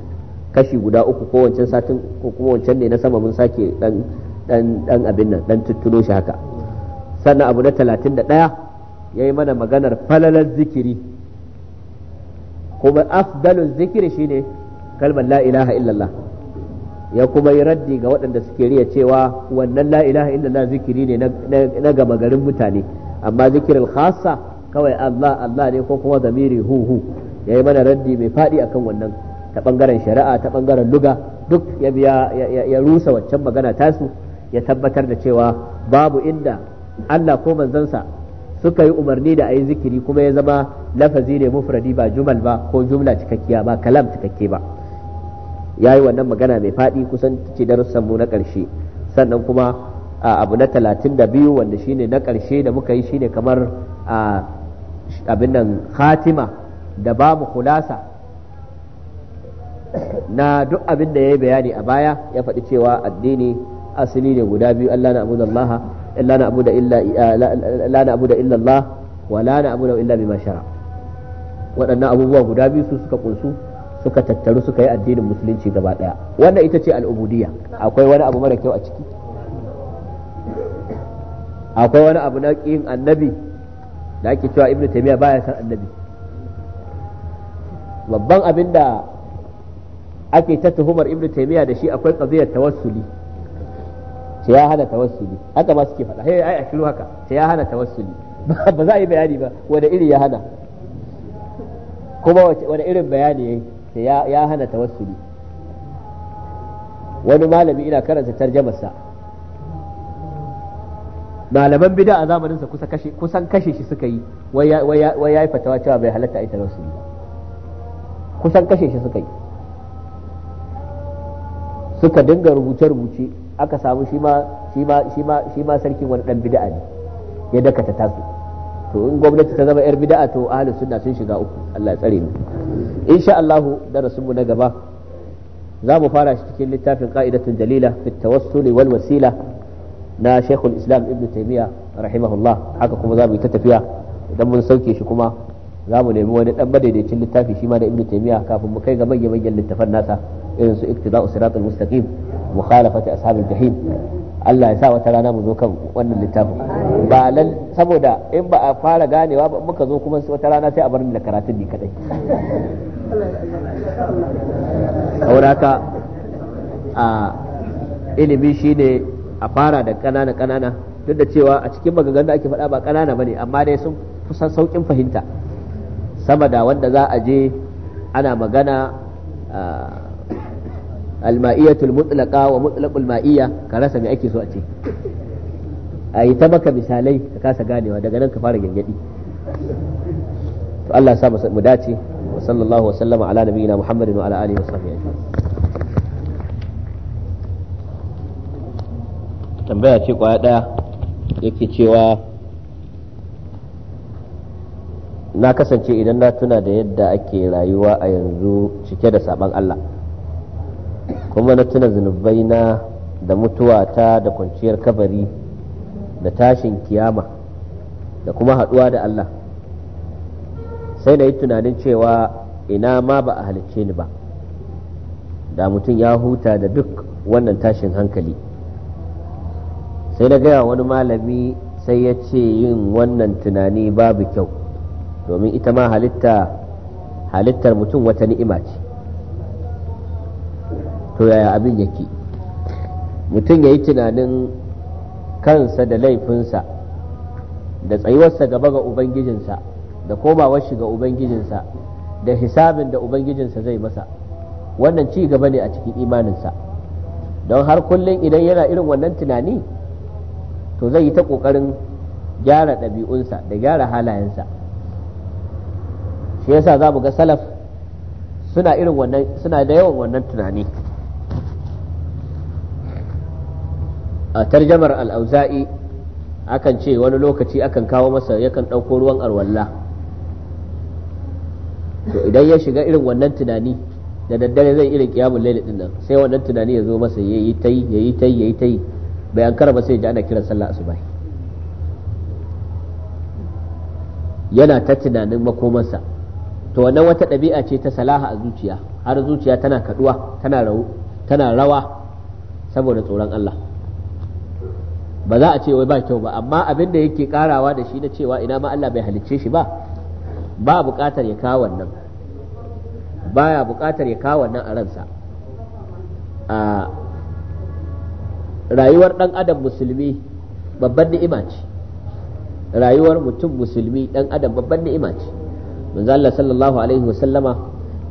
kashi guda uku ko wancan satin ko kuma wancan ne na sama mun sake dan abin nan dan tuttuno shi haka sannan abu na talatin da ɗaya ya yi mana maganar falalar zikiri kuma afdalun zikiri shine kalmar la illallah ya kuma yi raddi ga waɗanda suke riya cewa wannan la illallah zikiri ne na gama garin mutane amma zikirin khassa kawai Allah Allah ne ko kuma zamiri hu hu yi mana raddi mai fadi kan wannan ta ɓangaren shari'a ta ɓangaren luga duk ya biya ya rusa waccan magana tasu ya tabbatar da cewa babu inda Allah ko manzansa suka yi umarni da a yi zikiri kuma ya zama lafazi ne mufradi ba jumal ba ko jumla cikakkiya ba kalam cikakke ba ya yi wannan magana mai faɗi kusan ce darussan mu na ƙarshe sannan kuma abu na talatin da biyu wanda shine na ƙarshe da muka yi shine kamar a abin nan khatima da babu khulasa na duk abin da ya yi bayani a baya ya faɗi cewa addini asali ne guda biyu Allah na abuda Allah illa na abuda illa la na abuda illa Allah wa la na abuda illa bima shara waɗannan abubuwa guda biyu su suka kunsu suka tattaru suka yi addinin musulunci gaba ɗaya wannan ita ce al'ubudiyya akwai wani abu mara kyau a ciki akwai wani abu na ƙin annabi da ake cewa ibnu taymiya baya san annabi babban abin da ake ta tuhumar ibnu taymiya da shi akwai qadiyar tawassuli sai ya hana tawassuli haka ba suke faɗa hey ai a shiru haka sai ya hana tawassuli ba za a yi bayani ba wanda iri ya hana kuma wani irin bayani yayi sai ya hana tawassuli wani malami ina karanta tarjamarsa sa malaman bida a zamaninsa kusan kashe shi suka yi wai ya yi fatawa cewa bai halatta a yi rasu ba kusan kashe shi suka yi suka dinga rubuce-rubuce aka samu shi ma sarkin wani dan bida'a ne ya dakata tasu to in gwamnati ta zama yar bida'a to ahlus sunna sun shiga uku Allah ya tsare mu insha Allah darasin mu na gaba za mu fara shi cikin littafin qa'idatul dalila fit tawassuli wal wasila na shekul islam ibn taimiyya rahimahullah haka kuma za mu yi ta tafiya idan mun sauke shi kuma za mu nemi wani dan madaidaicin littafi shi ma da ibn taimiyya kafin mu kai ga manyan manyan littafan nasa irin su iktida'u siratul mustaqim mukhalafati ashabil jahim Allah ya sa wata rana mu zo kan wannan littafin ba lal saboda in ba a fara ganewa ba muka zo kuma wata rana sai a bar ni da karatun ni kadai saboda a ilimi shine a fara da ƙanana ƙanana duk da cewa a cikin maganganun da ake faɗa ba ƙanana bane amma dai sun kusan sauƙin fahimta sama da wanda za a je ana magana alma'iyatul mutlaqa wa mutlaqul ma'iyya ka rasa me ake so a ce a yi ta maka misalai ka kasa ganewa daga nan ka fara gyangyaɗi to Allah ya sa mu dace wa sallallahu wa sallama ala nabiyina Muhammadin wa ala alihi wa sahbihi tambaya ce kwaya ɗaya yake cewa na kasance idan na tuna da yadda ake rayuwa a yanzu cike da saban Allah kuma na tuna zunubai na da mutuwata da kwanciyar kabari da tashin kiyama da kuma haɗuwa da Allah sai na yi tunanin cewa ina ma ba a halicce ni ba da mutum ya huta da duk wannan tashin hankali sai na gaya wani malami sai ya ce yin wannan tunani babu kyau domin ita ma halitta halittar mutum wata ni'ima ce to yaya abin yake mutum ya yi tunanin kansa da laifinsa da tsayuwarsa gaba ga ubangijinsa da komawar shi ga ubangijinsa da hisabin da ubangijinsa zai masa wannan ci gaba ne a cikin imaninsa don har kullum idan yana irin wannan tunani to zai yi ta ƙoƙarin gyara ɗabi'unsa da gyara halayensa shi yasa za mu ga salaf suna irin wannan suna da yawan wannan tunani a tarjamar al'auza'i akan ce wani lokaci akan kawo masa yakan ɗauko ruwan arwalla to idan ya shiga irin wannan tunani da daddare zai irin kiyamun laili nan sai wannan tunani ya zo masa ya yi ta yi ya yi ta yi ya yi ta yi bai an ba sai ji ana kiran sallah asubahi yana ta tunanin makomansa to wannan wata ɗabi'a ce ta salaha a zuciya har zuciya tana kaduwa tana rawa tana rawa saboda tsoron Allah ba za a ce wai ba kyau ba amma abin da yake karawa da shi na cewa ina ma Allah bai halicce shi ba ba buƙatar ya kawo wannan baya buƙatar ya kawo wannan a ransa rayuwar ɗan adam musulmi babban ni'ima ce rayuwar mutum musulmi ɗan adam babban ni'ima ce manzo Allah sallallahu alaihi wasallama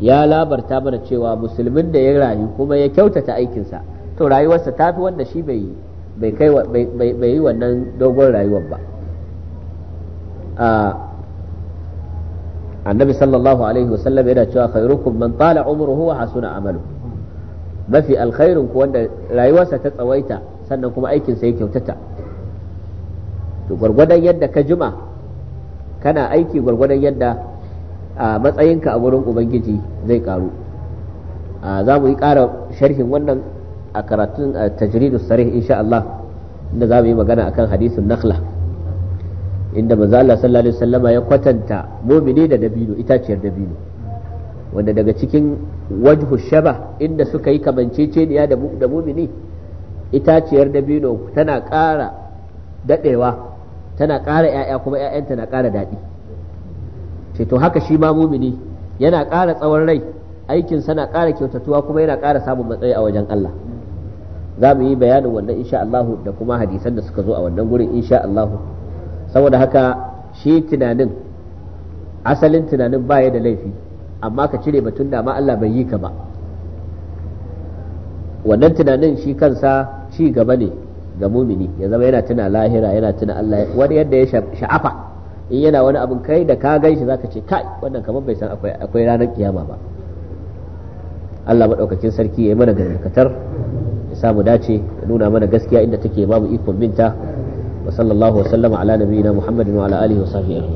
ya labarta mana cewa musulmin da ya rayu kuma ya kyautata aikinsa to rayuwarsa ta fi wanda shi bai bai kai bai yi wannan dogon rayuwar ba annabi sallallahu alaihi wasallam yana cewa khairukum man tala umruhu wa hasuna amaluhu mafi alkhairin ku wanda rayuwarsa ta tsawaita sannan kuma aikinsa ya kyautata to gwargwadon yadda ka jima kana aiki gwargwadon yadda a matsayinka a gurin ubangiji zai karu za mu yi ƙara sharhin wannan a karatun tajridus sarih insha Allah inda za mu yi magana akan hadisin nakhla inda manzo Allah sallallahu alaihi wasallama ya kwatanta mumini da dabino itaciyar dabino wanda daga cikin wajhu shaba inda suka yi kamanceceniya da mumini itaciyar dabino tana ƙara daɗewa tana ƙara 'ya'ya kuma 'ya'yanta na ƙara daɗi ce to haka shi ma mumini yana ƙara tsawon rai aikin sana ƙara kyautatuwa kuma yana ƙara samun matsayi a wajen Allah za mu yi bayanin wannan insha Allah da kuma hadisan da suka zo a wannan gurin insha Allah saboda haka shi tunanin asalin tunanin baya da laifi amma ka cire batun da ma Allah bai yi ka ba wannan tunanin shi kansa ci gaba ne ga mumini ya zama yana tuna lahira yana tuna Allah wani yadda ya sha'afa in yana wani abin kai da ka gan shi ka ce kai wannan kamar bai san akwai akwai ranar kiyama ba Allah madaukakin sarki ya yi mana gargakatar ya samu dace ya nuna mana gaskiya inda take babu ikon binta wa sallallahu wa sallama ala nabiyina muhammadin wa ala alihi wa sahbihi